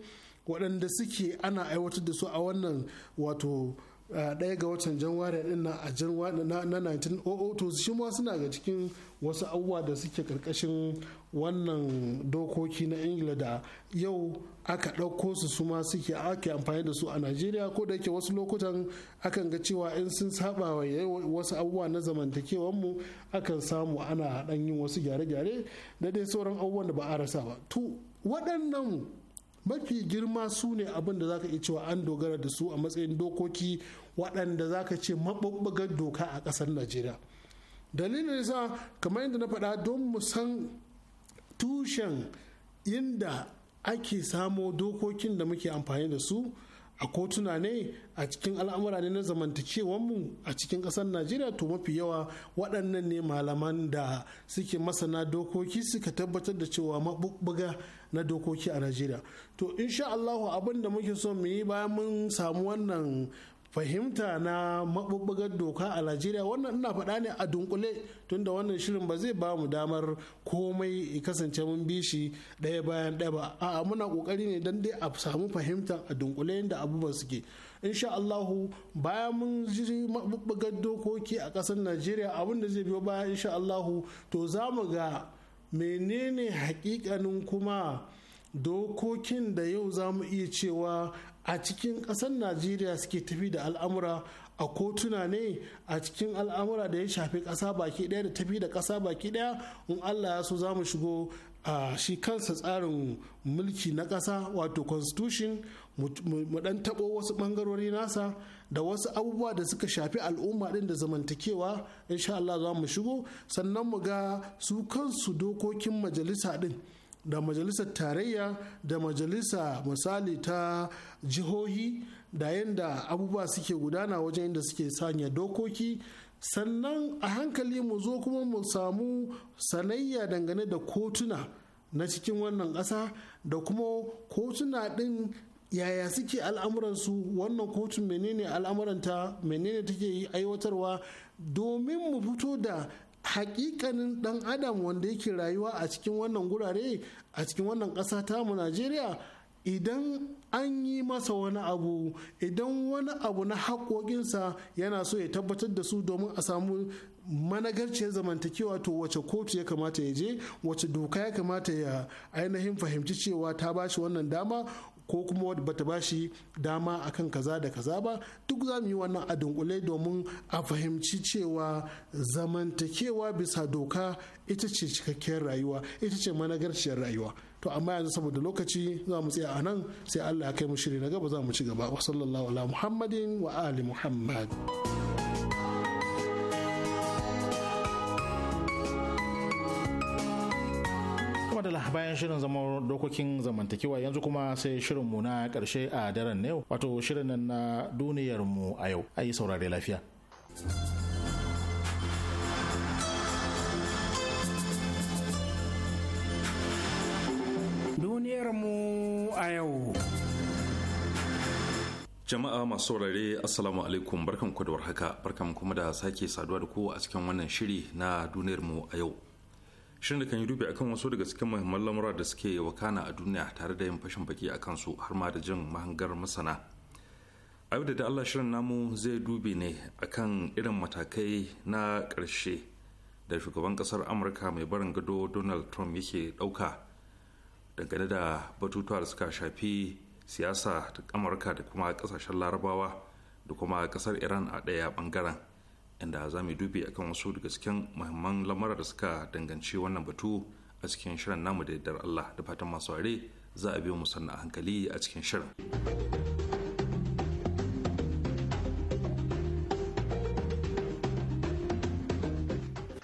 waɗanda suke ana aiwatar da su a wannan wato ɗaya ga watan janwari ɗin na a janwari na 1900 to shi ma suna ga cikin wasu abubuwa da suke ƙarƙashin wannan dokoki na ingila da yau aka ɗauko su su ma suke ake amfani da su a najeriya ko da yake wasu lokutan akan ga cewa in sun saba wa wasu abubuwa na zamantakewanmu akan samu ana haɗan yin wasu gyare-gyare da dai sauran abubuwan da ba a rasa ba to waɗannan mafi girma su ne abin da zaka iya cewa an dogara da su a matsayin dokoki waɗanda zaka ce maɓuɓɓugar doka a ƙasar najeriya dalilin sa kamar yadda na faɗa don mu san tushen inda ake samo dokokin da muke amfani da su a kotuna ne a cikin al'amura ne na zamantakewanmu a cikin ƙasar najeriya to mafi yawa waɗannan ne malaman da suke masana dokoki suka tabbatar da cewa mabubbuga na dokoki a najeriya to insha allahu abin da muke so mu yi bayan mun samu wannan fahimta na maɓuɓɓugar doka a najeriya wannan ina faɗa ne a dunkule tunda wannan shirin ba zai ba mu damar komai kasance mun bi shi ɗaya bayan ɗaya ba a'a muna ƙoƙari ne don dai a samu fahimta a dunkule inda abubuwan suke insha Allahu bayan mun ji maɓuɓɓugar dokoki a ƙasar Najeriya abin da zai biyo baya insha Allahu to za mu ga menene hakikanin kuma dokokin da yau za mu iya cewa a cikin ƙasar najeriya suke tafi da al'amura a kotuna ne a cikin al'amura da ya shafi ƙasa baki ɗaya da tafi da kasa baki ɗaya in allah ya so za mu shigo a shi kansa tsarin mulki na ƙasa wato constitution mu dan taɓo wasu ɓangarori nasa da wasu abubuwa da suka shafi al'umma ɗin da zamantakewa insha Allah za mu shigo sannan mu ga su kansu dokokin majalisa ɗin da majalisar tarayya da majalisa misali ta jihohi da yadda abubuwa suke gudana wajen inda suke sanya dokoki sannan a hankali mu zo kuma mu samu sanayya dangane da kotuna na cikin wannan ƙasa da kuma kotuna ɗin yaya suke al'amuransu wannan kotun menene al'amuranta menene take aiwatarwa domin mu fito da hakikanin dan adam wanda yake rayuwa a cikin wannan gurare a cikin wannan ƙasa mu najeriya idan an yi masa wani abu idan wani abu na haƙoƙinsa yana so ya tabbatar da su domin a samu managarciyar zamantakewa to wace kotu ya kamata ya je wace doka ya kamata ya ainihin fahimci cewa ta bashi wannan dama ko kuma bata bashi dama akan kaza da kaza ba duk za mu yi wannan a dunkule domin a fahimci cewa zamantakewa bisa doka ita ce cikakkiyar rayuwa ita ce managarciyar rayuwa to amma yanzu saboda lokaci za mu tsaya a nan sai Allah ya kai mu shiri na gaba za mu ci gaba wa sallallahu ala muhammadin wa ali muhammad madala bayan shirin zama dokokin zamantakewa yanzu kuma sai mu na karshe a daren na yau wato shirin nan na duniyarmu a yau ayi saurare lafiya duniyarmu a yau Jama'a masu saurare Assalamu alaikum barkan ku da warhaka barkan kuma da sake saduwa da ku a cikin wannan shiri na duniyarmu a yau. shirin da kan yi dubi akan wasu daga cikin muhimman lamura da suke wakana a duniya tare da yin fashin baki a kansu har ma da jin mahangar masana a da Allah shirin namu zai dubi ne akan irin matakai na ƙarshe da shugaban ƙasar amurka mai barin gado donald trump yake ɗauka dangane da batutuwa da suka shafi siyasa ta amurka da kuma kasashen larabawa da kuma ƙasar iran a ɗaya ɓangaren inda za mu dubi akan wasu daga cikin muhimman lamarar da suka danganci wannan batu a cikin shirin namu da yardar Allah da fatan masu ware za a biyo mu sannan a hankali a cikin shirin.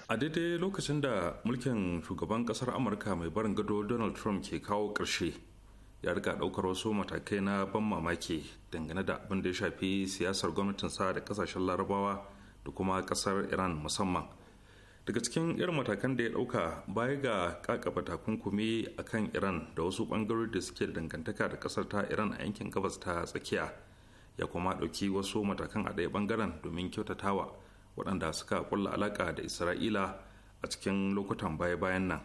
a daidai lokacin da mulkin shugaban kasar amurka mai barin gado donald trump ke kawo ƙarshe ya rika daukar wasu matakai na ban mamaki dangane da abin da ya shafi siyasar gwamnatinsa da kasashen larabawa da kuma kasar iran musamman daga cikin irin matakan da ya dauka baya ga kakaba takunkumi a kan iran da wasu bangarori da suke dangantaka da kasar ta iran a yankin gabas ta tsakiya ya kuma dauki wasu matakan a ɗaya bangaren domin kyautatawa waɗanda suka kulla alaka da isra'ila a cikin lokutan baya-bayan nan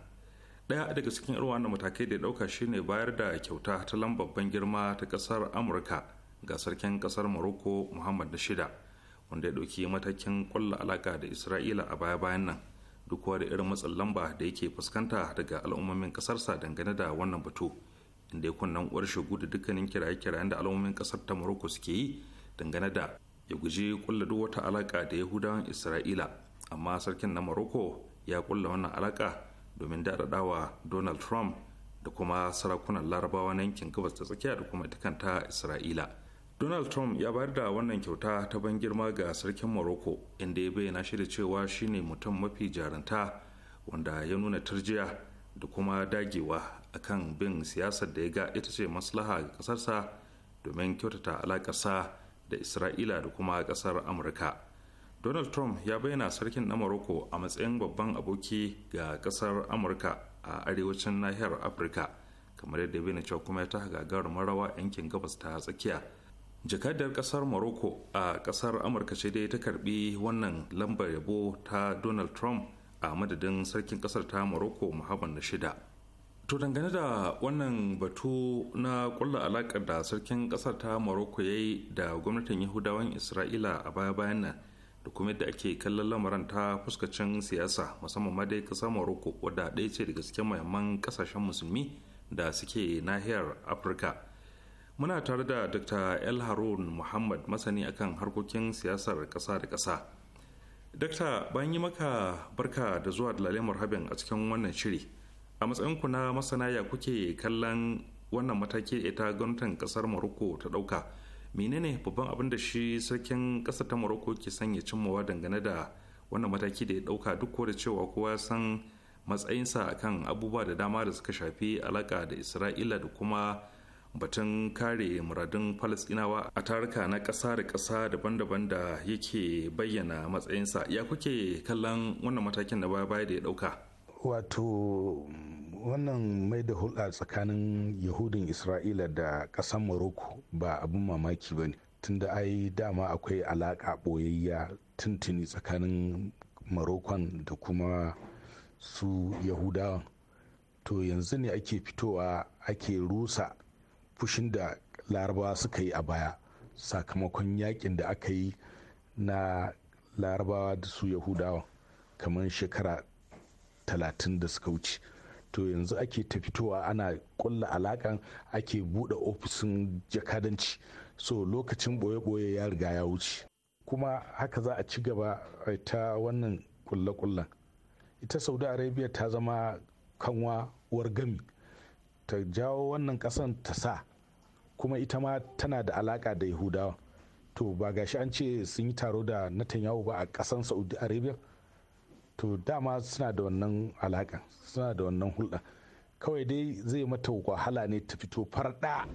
ɗaya daga cikin irin wannan matakai da ya dauka shine bayar da kyauta ta lambar girma ta kasar amurka ga sarkin kasar morocco muhammad na shida wanda ya ɗauki matakin kulla alaka da isra'ila a baya-bayan nan duk da irin matsin lamba da yake fuskanta daga al'ummomin ƙasarsa dangane da wannan batu inda ya kunnan uwar shigu da dukkanin kiraye-kirayen da al'ummomin ƙasar ta morocco suke yi dangane da ya guji kulla duk wata alaka da yahudawan isra'ila amma sarkin na morocco ya kulla wannan alaka domin daɗaɗawa donald trump da kuma sarakunan larabawa na yankin gabas ta tsakiya da kuma dukanta isra'ila donald trump ya bayar da wannan kyauta ta ban girma ga sarkin morocco inda ya bayyana shi da cewa shine mutum mafi jarunta wanda ya nuna tarjiya da kuma dagewa akan bin siyasar da ya ga ita ce maslaha ga kasarsa domin kyautata alakarsa da isra'ila da kuma kasar amurka donald trump ya bayyana sarkin na morocco a matsayin babban aboki ga kasar amurka a arewacin nahiyar afirka kamar yadda ya bayyana cewa kuma ya ta gagarumar rawa yankin gabas ta tsakiya jakadar kasar morocco a kasar amurka ce dai ta karbi wannan lambar yabo ta donald trump a madadin sarkin kasar ta morocco muhammad na shida to dangane da wannan batu na kulla alakar da sarkin kasar ta morocco ya yi da gwamnatin yahudawan isra'ila a baya bayan nan da kuma yadda ake kallon lamarin ta fuskacin siyasa musamman ma dai kasar morocco wadda ɗaya ce daga cikin mahimman kasashen musulmi da suke nahiyar afirka muna tare da dr el harun muhammad masani akan harkokin siyasar kasa da kasa dr bayan yi maka barka da zuwa dalilin marhabin a cikin wannan shiri a matsayinku na masana ya kuke kallon wannan mataki ita gwamnatin kasar morocco ta dauka menene babban abin da shi sarkin kasar ta morocco ke sanya cimmawa dangane da wannan mataki da ya dauka duk da cewa kowa san matsayinsa akan abubuwa da dama da suka shafi alaka da isra'ila da kuma batun kare muradun falasɗinawa a taruka na ƙasa da ƙasa daban-daban da yake bayyana matsayinsa ya kuke kallon wannan matakin na baya baya da ya ɗauka wato wannan mai da hulɗa tsakanin yahudin isra'ila da ƙasar morocco ba abin mamaki ba ne tunda ai dama akwai alaƙa ɓoyayya tuntuni tsakanin marokon da kuma su yahudawan to yanzu ne ake fitowa ake rusa fushin da larabawa suka yi a baya sakamakon yakin da aka yi na larabawa da su yahudawa kamar shekara talatin da suka wuce to yanzu ake ta fitowa ana kulla alakan ake buɗe ofisin jakadanci so lokacin boye ɓoye ya riga ya wuce kuma haka za a ci gaba ta wannan kulle-kullen ita saudi arabia ta zama kanwa uwar gami ta jawo wannan kasan ta sa kuma ita ma tana da alaka da yahudawa to ba gashi an ce sun yi taro da Netanyahu ba a ƙasan saudi arabia to dama suna da wannan alaƙa suna da wannan hulɗa kawai dai zai mata wahala ne ta fito farɗa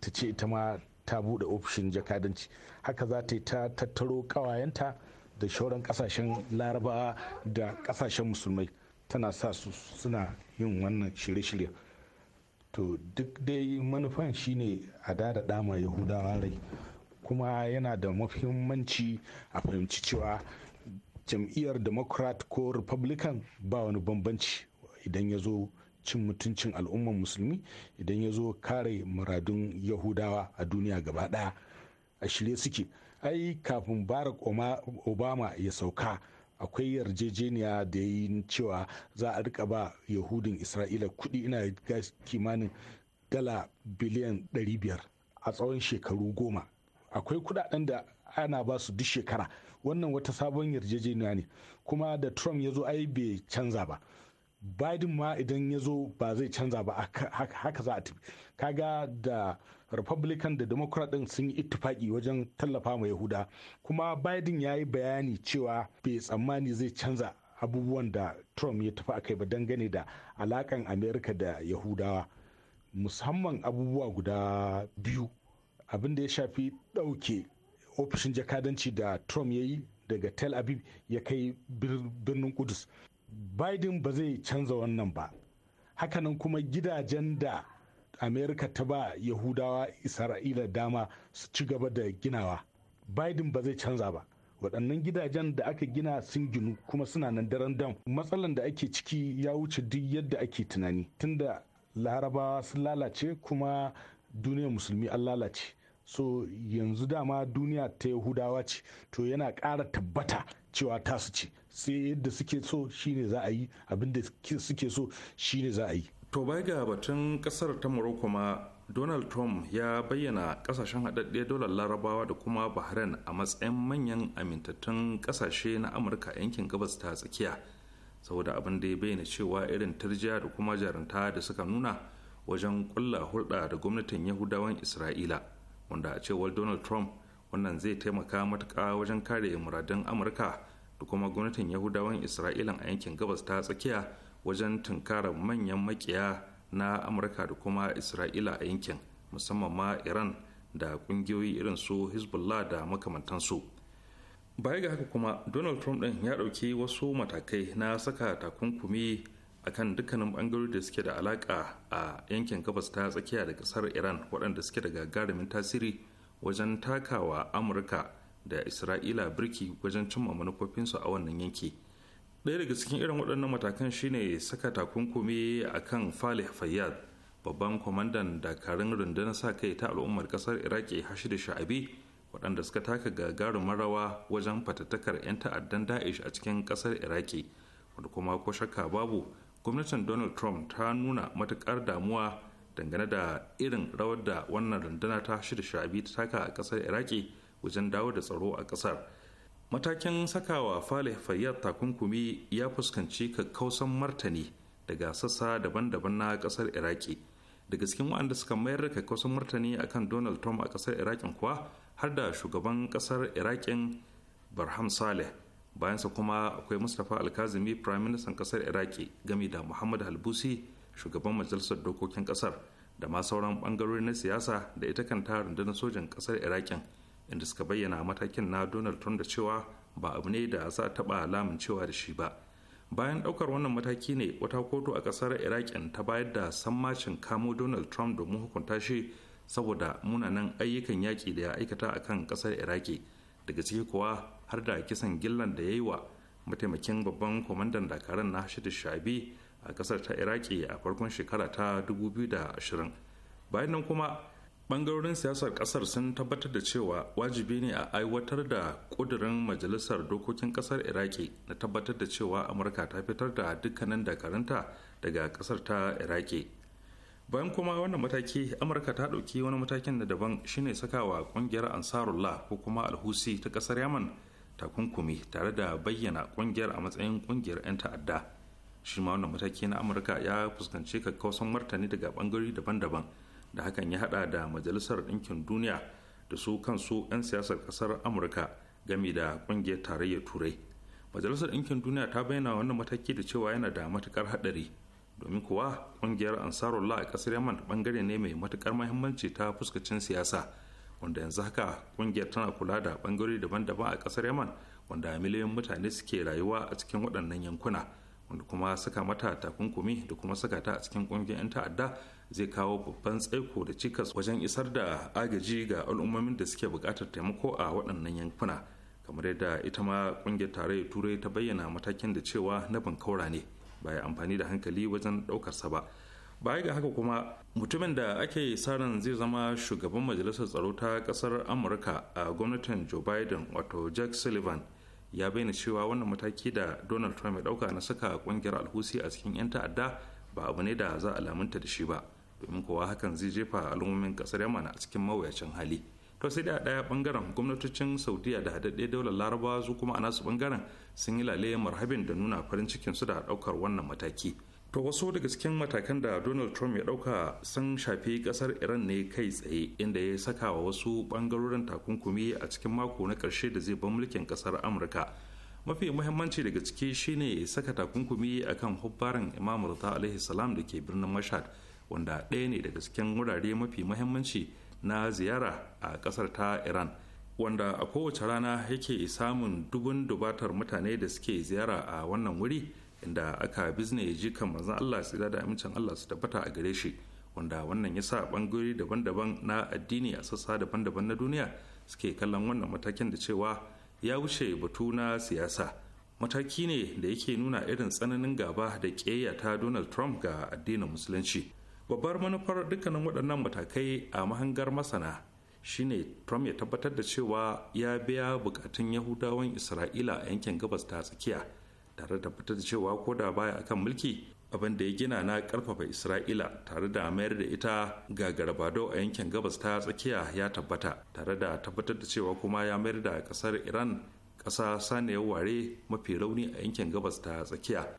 ta ce ita ma ta buɗe ofishin jakadanci haka za ta yi ta tattaro ƙawayenta da shauran ƙasashen larabawa da ƙasashen musulmai tana sa su suna yin wannan shirye-shirye to duk dai manufan shine a dada dama yahudawa rai kuma yana da muhimmanci a fahimci cewa jam'iyyar democrat ko republican ba wani bambanci idan ya zo cin mutuncin al'ummar musulmi idan ya zo kare muradun yahudawa a duniya gaba daya a shirye suke ai kafin barack obama ya sauka akwai yarjejeniya da yi cewa za a rika ba yahudin isra'ila kudi ina ga kimanin dala biliyan 500 a tsawon shekaru goma akwai kudaden da ana ba su duk shekara wannan wata sabon yarjejeniya ne kuma da trump ya zo ai bai canza ba biden ma idan ya zo ba zai canza ba haka za a tafi kaga da republican da democrat din sun yi ittifaki wajen tallafa ma yahuda kuma biden ya yi bayani cewa bai tsammani zai canza abubuwan da trump ya tafi akai ba dangane da alakan america da yahudawa musamman abubuwa guda biyu abin da ya shafi ɗauke ofishin jakadanci da trump ya yi daga tel aviv ya kai birnin kudus biden ba zai canza wannan ba hakanan kuma gidajen da amerika ta ba yahudawa isra'ila dama su ci gaba da ginawa biden ba zai canza ba waɗannan gidajen da aka gina sun ginu kuma suna nan daren dam matsalan da ake ciki ya wuce duk yadda ake tunani da larabawa sun lalace kuma duniyar musulmi an lalace so yanzu dama duniya ta yahudawa ce to yana ƙara tabbata cewa tasu ce sai yadda suke so shine za a yi da suke so shine za a yi to bai ga batun kasar ta morocco ma donald trump ya bayyana kasashen haɗaɗɗe dolar larabawa da kuma bahrain a matsayin manyan amintattun kasashe na amurka yankin gabas ta tsakiya saboda abin da ya bayyana cewa irin tarjiya da kuma jarinta da suka nuna wajen kulla hulɗa da gwamnatin yahudawan isra'ila wanda a cewar donald trump wannan zai taimaka matuka wajen kare muradun amurka da kuma gwamnatin yahudawan isra'ila a yankin gabas ta tsakiya wajen tunkarar manyan makiya na amurka da kuma isra'ila a yankin musamman ma iran da kungiyoyi irin su hezbollah da makamantansu baya ga haka kuma donald trump ɗin ya ɗauki wasu matakai na saka takunkumi a kan dukkanin bangarori da suke da alaka a yankin gabas ta tsakiya da kasar iran waɗanda suke da gagarumin tasiri wajen takawa amurka da isra'ila birki wajen cimma manufofinsu a wannan yanki ɗaya daga cikin irin waɗannan matakan shine saka takunkumi a kan falih fayyad babban kwamandan dakarun rundunar sa kai ta al'ummar ƙasar iraki hashidu sha'abi waɗanda suka taka gagarumin rawa wajen fatattakar 'yan ta'addan da'ish a cikin ƙasar iraki wanda kuma ko shakka babu gwamnatin donald trump ta nuna matuƙar damuwa dangane da irin rawar da wannan rundunar ta hashidu sha'abi ta taka a ƙasar iraki wajen dawo da tsaro a ƙasar matakin sakawa fale fayyad takunkumi ya fuskanci kakkausan martani daga sassa daban-daban na kasar iraki daga cikin waɗanda suka mayar da kakkausan martani akan donald trump a kasar irakin kuwa har da shugaban kasar irakin barham saleh bayansa kuma akwai mustapha alkazimi prime minister kasar iraki gami da muhammad halbusi shugaban majalisar dokokin kasar da ma sauran bangarori na siyasa da ita kanta rundunar sojan kasar irakin inda suka bayyana matakin na donald trump da cewa ba abu ne da za taɓa alamun cewa da shi ba bayan ɗaukar wannan mataki ne wata kotu a ƙasar iraƙin ta bayar da sammacin kamo donald trump domin hukunta shi saboda munanan ayyukan yaƙi da ya aikata a kan ƙasar iraki daga ciki kuwa har da kisan gillan da ya yi wa mataimakin babban kwamandan dakarun na hashidu shabi a ƙasar ta iraki a farkon shekara ta 2020 bayan nan kuma bangarorin siyasar kasar sun tabbatar da cewa wajibi ne a aiwatar da kudirin majalisar dokokin kasar iraki na tabbatar da cewa amurka ta fitar da dukkanin dakarunta daga kasar ta iraki bayan kuma wannan mataki amurka ta ɗauki wani matakin da daban shine sakawa kungiyar ansarullah ko kuma alhusi ta kasar yaman takunkumi tare da bayyana kungiyar a matsayin kungiyar 'yan ta'adda shi ma wannan mataki na amurka ya fuskanci kakkausan martani daga bangarori daban-daban da hakan ya hada da majalisar ɗinkin duniya da su kansu 'yan siyasar ƙasar amurka gami da ƙungiyar tarayyar turai majalisar ɗinkin duniya ta bayyana wannan mataki da cewa yana da matukar haɗari domin kuwa ƙungiyar ansarullah a ƙasar yaman bangare ne mai matukar mahimmanci ta fuskacin siyasa wanda yanzu haka ƙungiyar tana kula da bangare daban-daban a ƙasar yaman wanda miliyoyin mutane suke rayuwa a cikin waɗannan yankuna wanda kuma saka mata takunkumi da kuma saka ta a cikin ƙungiyar 'yan ta'adda zai kawo babban tsaiko da cikas wajen isar da agaji ga al'ummomin da suke buƙatar taimako a waɗannan yankuna kamar yadda ita ma ƙungiyar tarayyar turai ta bayyana matakin da cewa na bankaura ne ba amfani da hankali wajen ɗaukarsa ba baya ga haka kuma mutumin da ake sa ran zai zama shugaban majalisar tsaro ta ƙasar amurka a gwamnatin joe biden wato jack sullivan ya bayyana cewa wannan mataki da donald trump ya ɗauka na saka ƙungiyar alhusi a cikin 'yan ta'adda ba abu ne da za a lamunta da shi ba domin kowa hakan zai jefa al'ummomin kasar yamma a cikin mawuyacin hali to sai a ɗaya bangaren gwamnatocin saudiya da haɗaɗɗe daular laraba su kuma a nasu bangaren sun yi lalle marhabin da nuna farin cikin su da ɗaukar wannan mataki to wasu daga cikin matakan da donald trump ya ɗauka sun shafi ƙasar iran ne kai tsaye inda ya saka wa wasu bangarorin takunkumi a cikin mako na ƙarshe da zai ban mulkin ƙasar amurka mafi muhimmanci daga ciki shine saka takunkumi akan hubbaran imam rata alaihi salam da ke birnin mashhad wanda ɗaya ne daga cikin wurare mafi mahimmanci na ziyara a ƙasar ta iran wanda a kowace rana yake samun dubun dubatar mutane da suke ziyara a wannan wuri inda aka bizne jikan manzon allah tsira da amincin allah su tabbata a gare shi wanda wannan ya sa ɓangare daban-daban na addini a sassa daban-daban na duniya suke kallon wannan matakin da cewa ya wuce batu na siyasa mataki ne da yake nuna irin tsananin gaba da ƙeya ta donald trump ga addinin musulunci babbar manufar dukkanin waɗannan matakai a mahangar masana shine trump ya tabbatar da cewa ya biya bukatun yahudawan isra'ila a yankin gabas ta tsakiya tare da tabbatar da cewa ko da baya akan mulki abin da ya gina na karfafa isra'ila tare da mayar da ita ga garbado a yankin gabas ta tsakiya ya tabbata tare da tabbatar da cewa kuma ya mayar da kasar iran ƙasa saniyar ware mafi rauni a yankin gabas ta tsakiya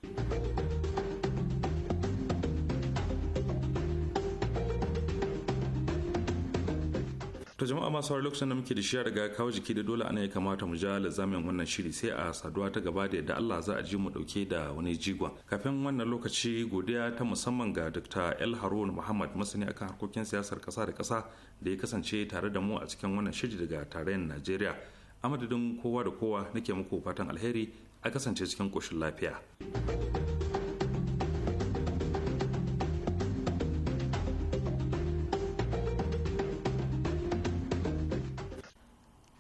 to jama'a masu wani lokacin da muke da shiya daga kawo jiki da dole ana ya kamata mu ja lazamin wannan shiri sai a saduwa ta gaba da yadda Allah za a ji mu dauke da wani jigon kafin wannan lokaci godiya ta musamman ga Dr. El Harun Muhammad masani akan harkokin siyasar kasa da kasa da ya kasance tare da mu a cikin wannan shiri daga tarayyar Najeriya a madadin kowa da kowa nake muku fatan alheri a kasance cikin koshin lafiya.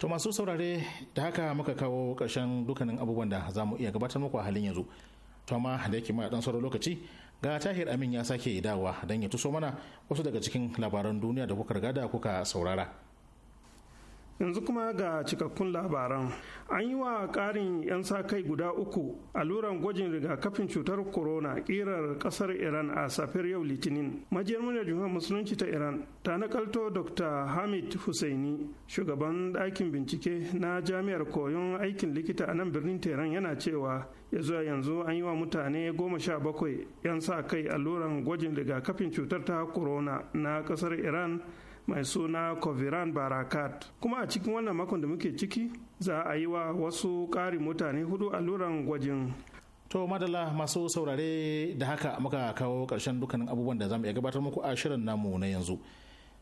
masu saurare da haka muka kawo ƙarshen dukkanin abubuwan da za mu iya gabatar muku a halin yanzu to amma da yake ma dan sauran lokaci ga tahir amin ya sake dawowa don ya tuso mana wasu daga cikin labaran duniya da kuka riga da kuka saurara yanzu kuma ga cikakkun labaran an yi wa karin 'yan sa-kai guda uku alluran gwajin rigakafin cutar corona ƙirar ƙasar iran a safiyar yau litinin majiyar muryar jihar musulunci ta iran ta nakalto dr hamid husaini shugaban ɗakin bincike na jami'ar koyon aikin likita a nan birnin tehran yana cewa ya zuwa yanzu an yi wa mutane goma sha bakwai 'yan sa-kai alluran gwajin rigakafin cutar ta corona na ƙasar iran mai suna coviran barakat kuma a cikin wannan makon da muke ciki za a yi wa wasu ƙarin mutane hudu alluran gwajin To madalla masu saurare da haka muka kawo ƙarshen dukkanin abubuwan da zamu iya gabatar muku a shirin namu na yanzu.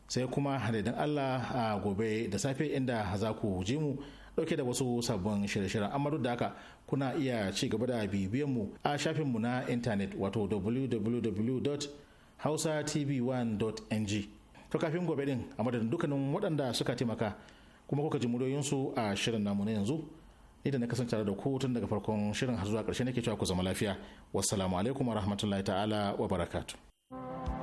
Sai kuma hadidan Allah a gobe da safe inda za ku ji mu dauke da wasu sabbin shirye-shiryen amma duk da haka kuna iya ci gaba da bibiyan mu a shafinmu na intanet wato www.hausatv1.ng to kafin gobe din a madadin dukkanin waɗanda suka taimaka kuma kuka ji muryoyinsu a shirin namu na yanzu ni da na kasance da ku tun daga farkon shirin har zuwa ƙarshe nake cewa ku zama lafiya wassalamu alaikum wa rahmatullahi ta'ala wa barakatuh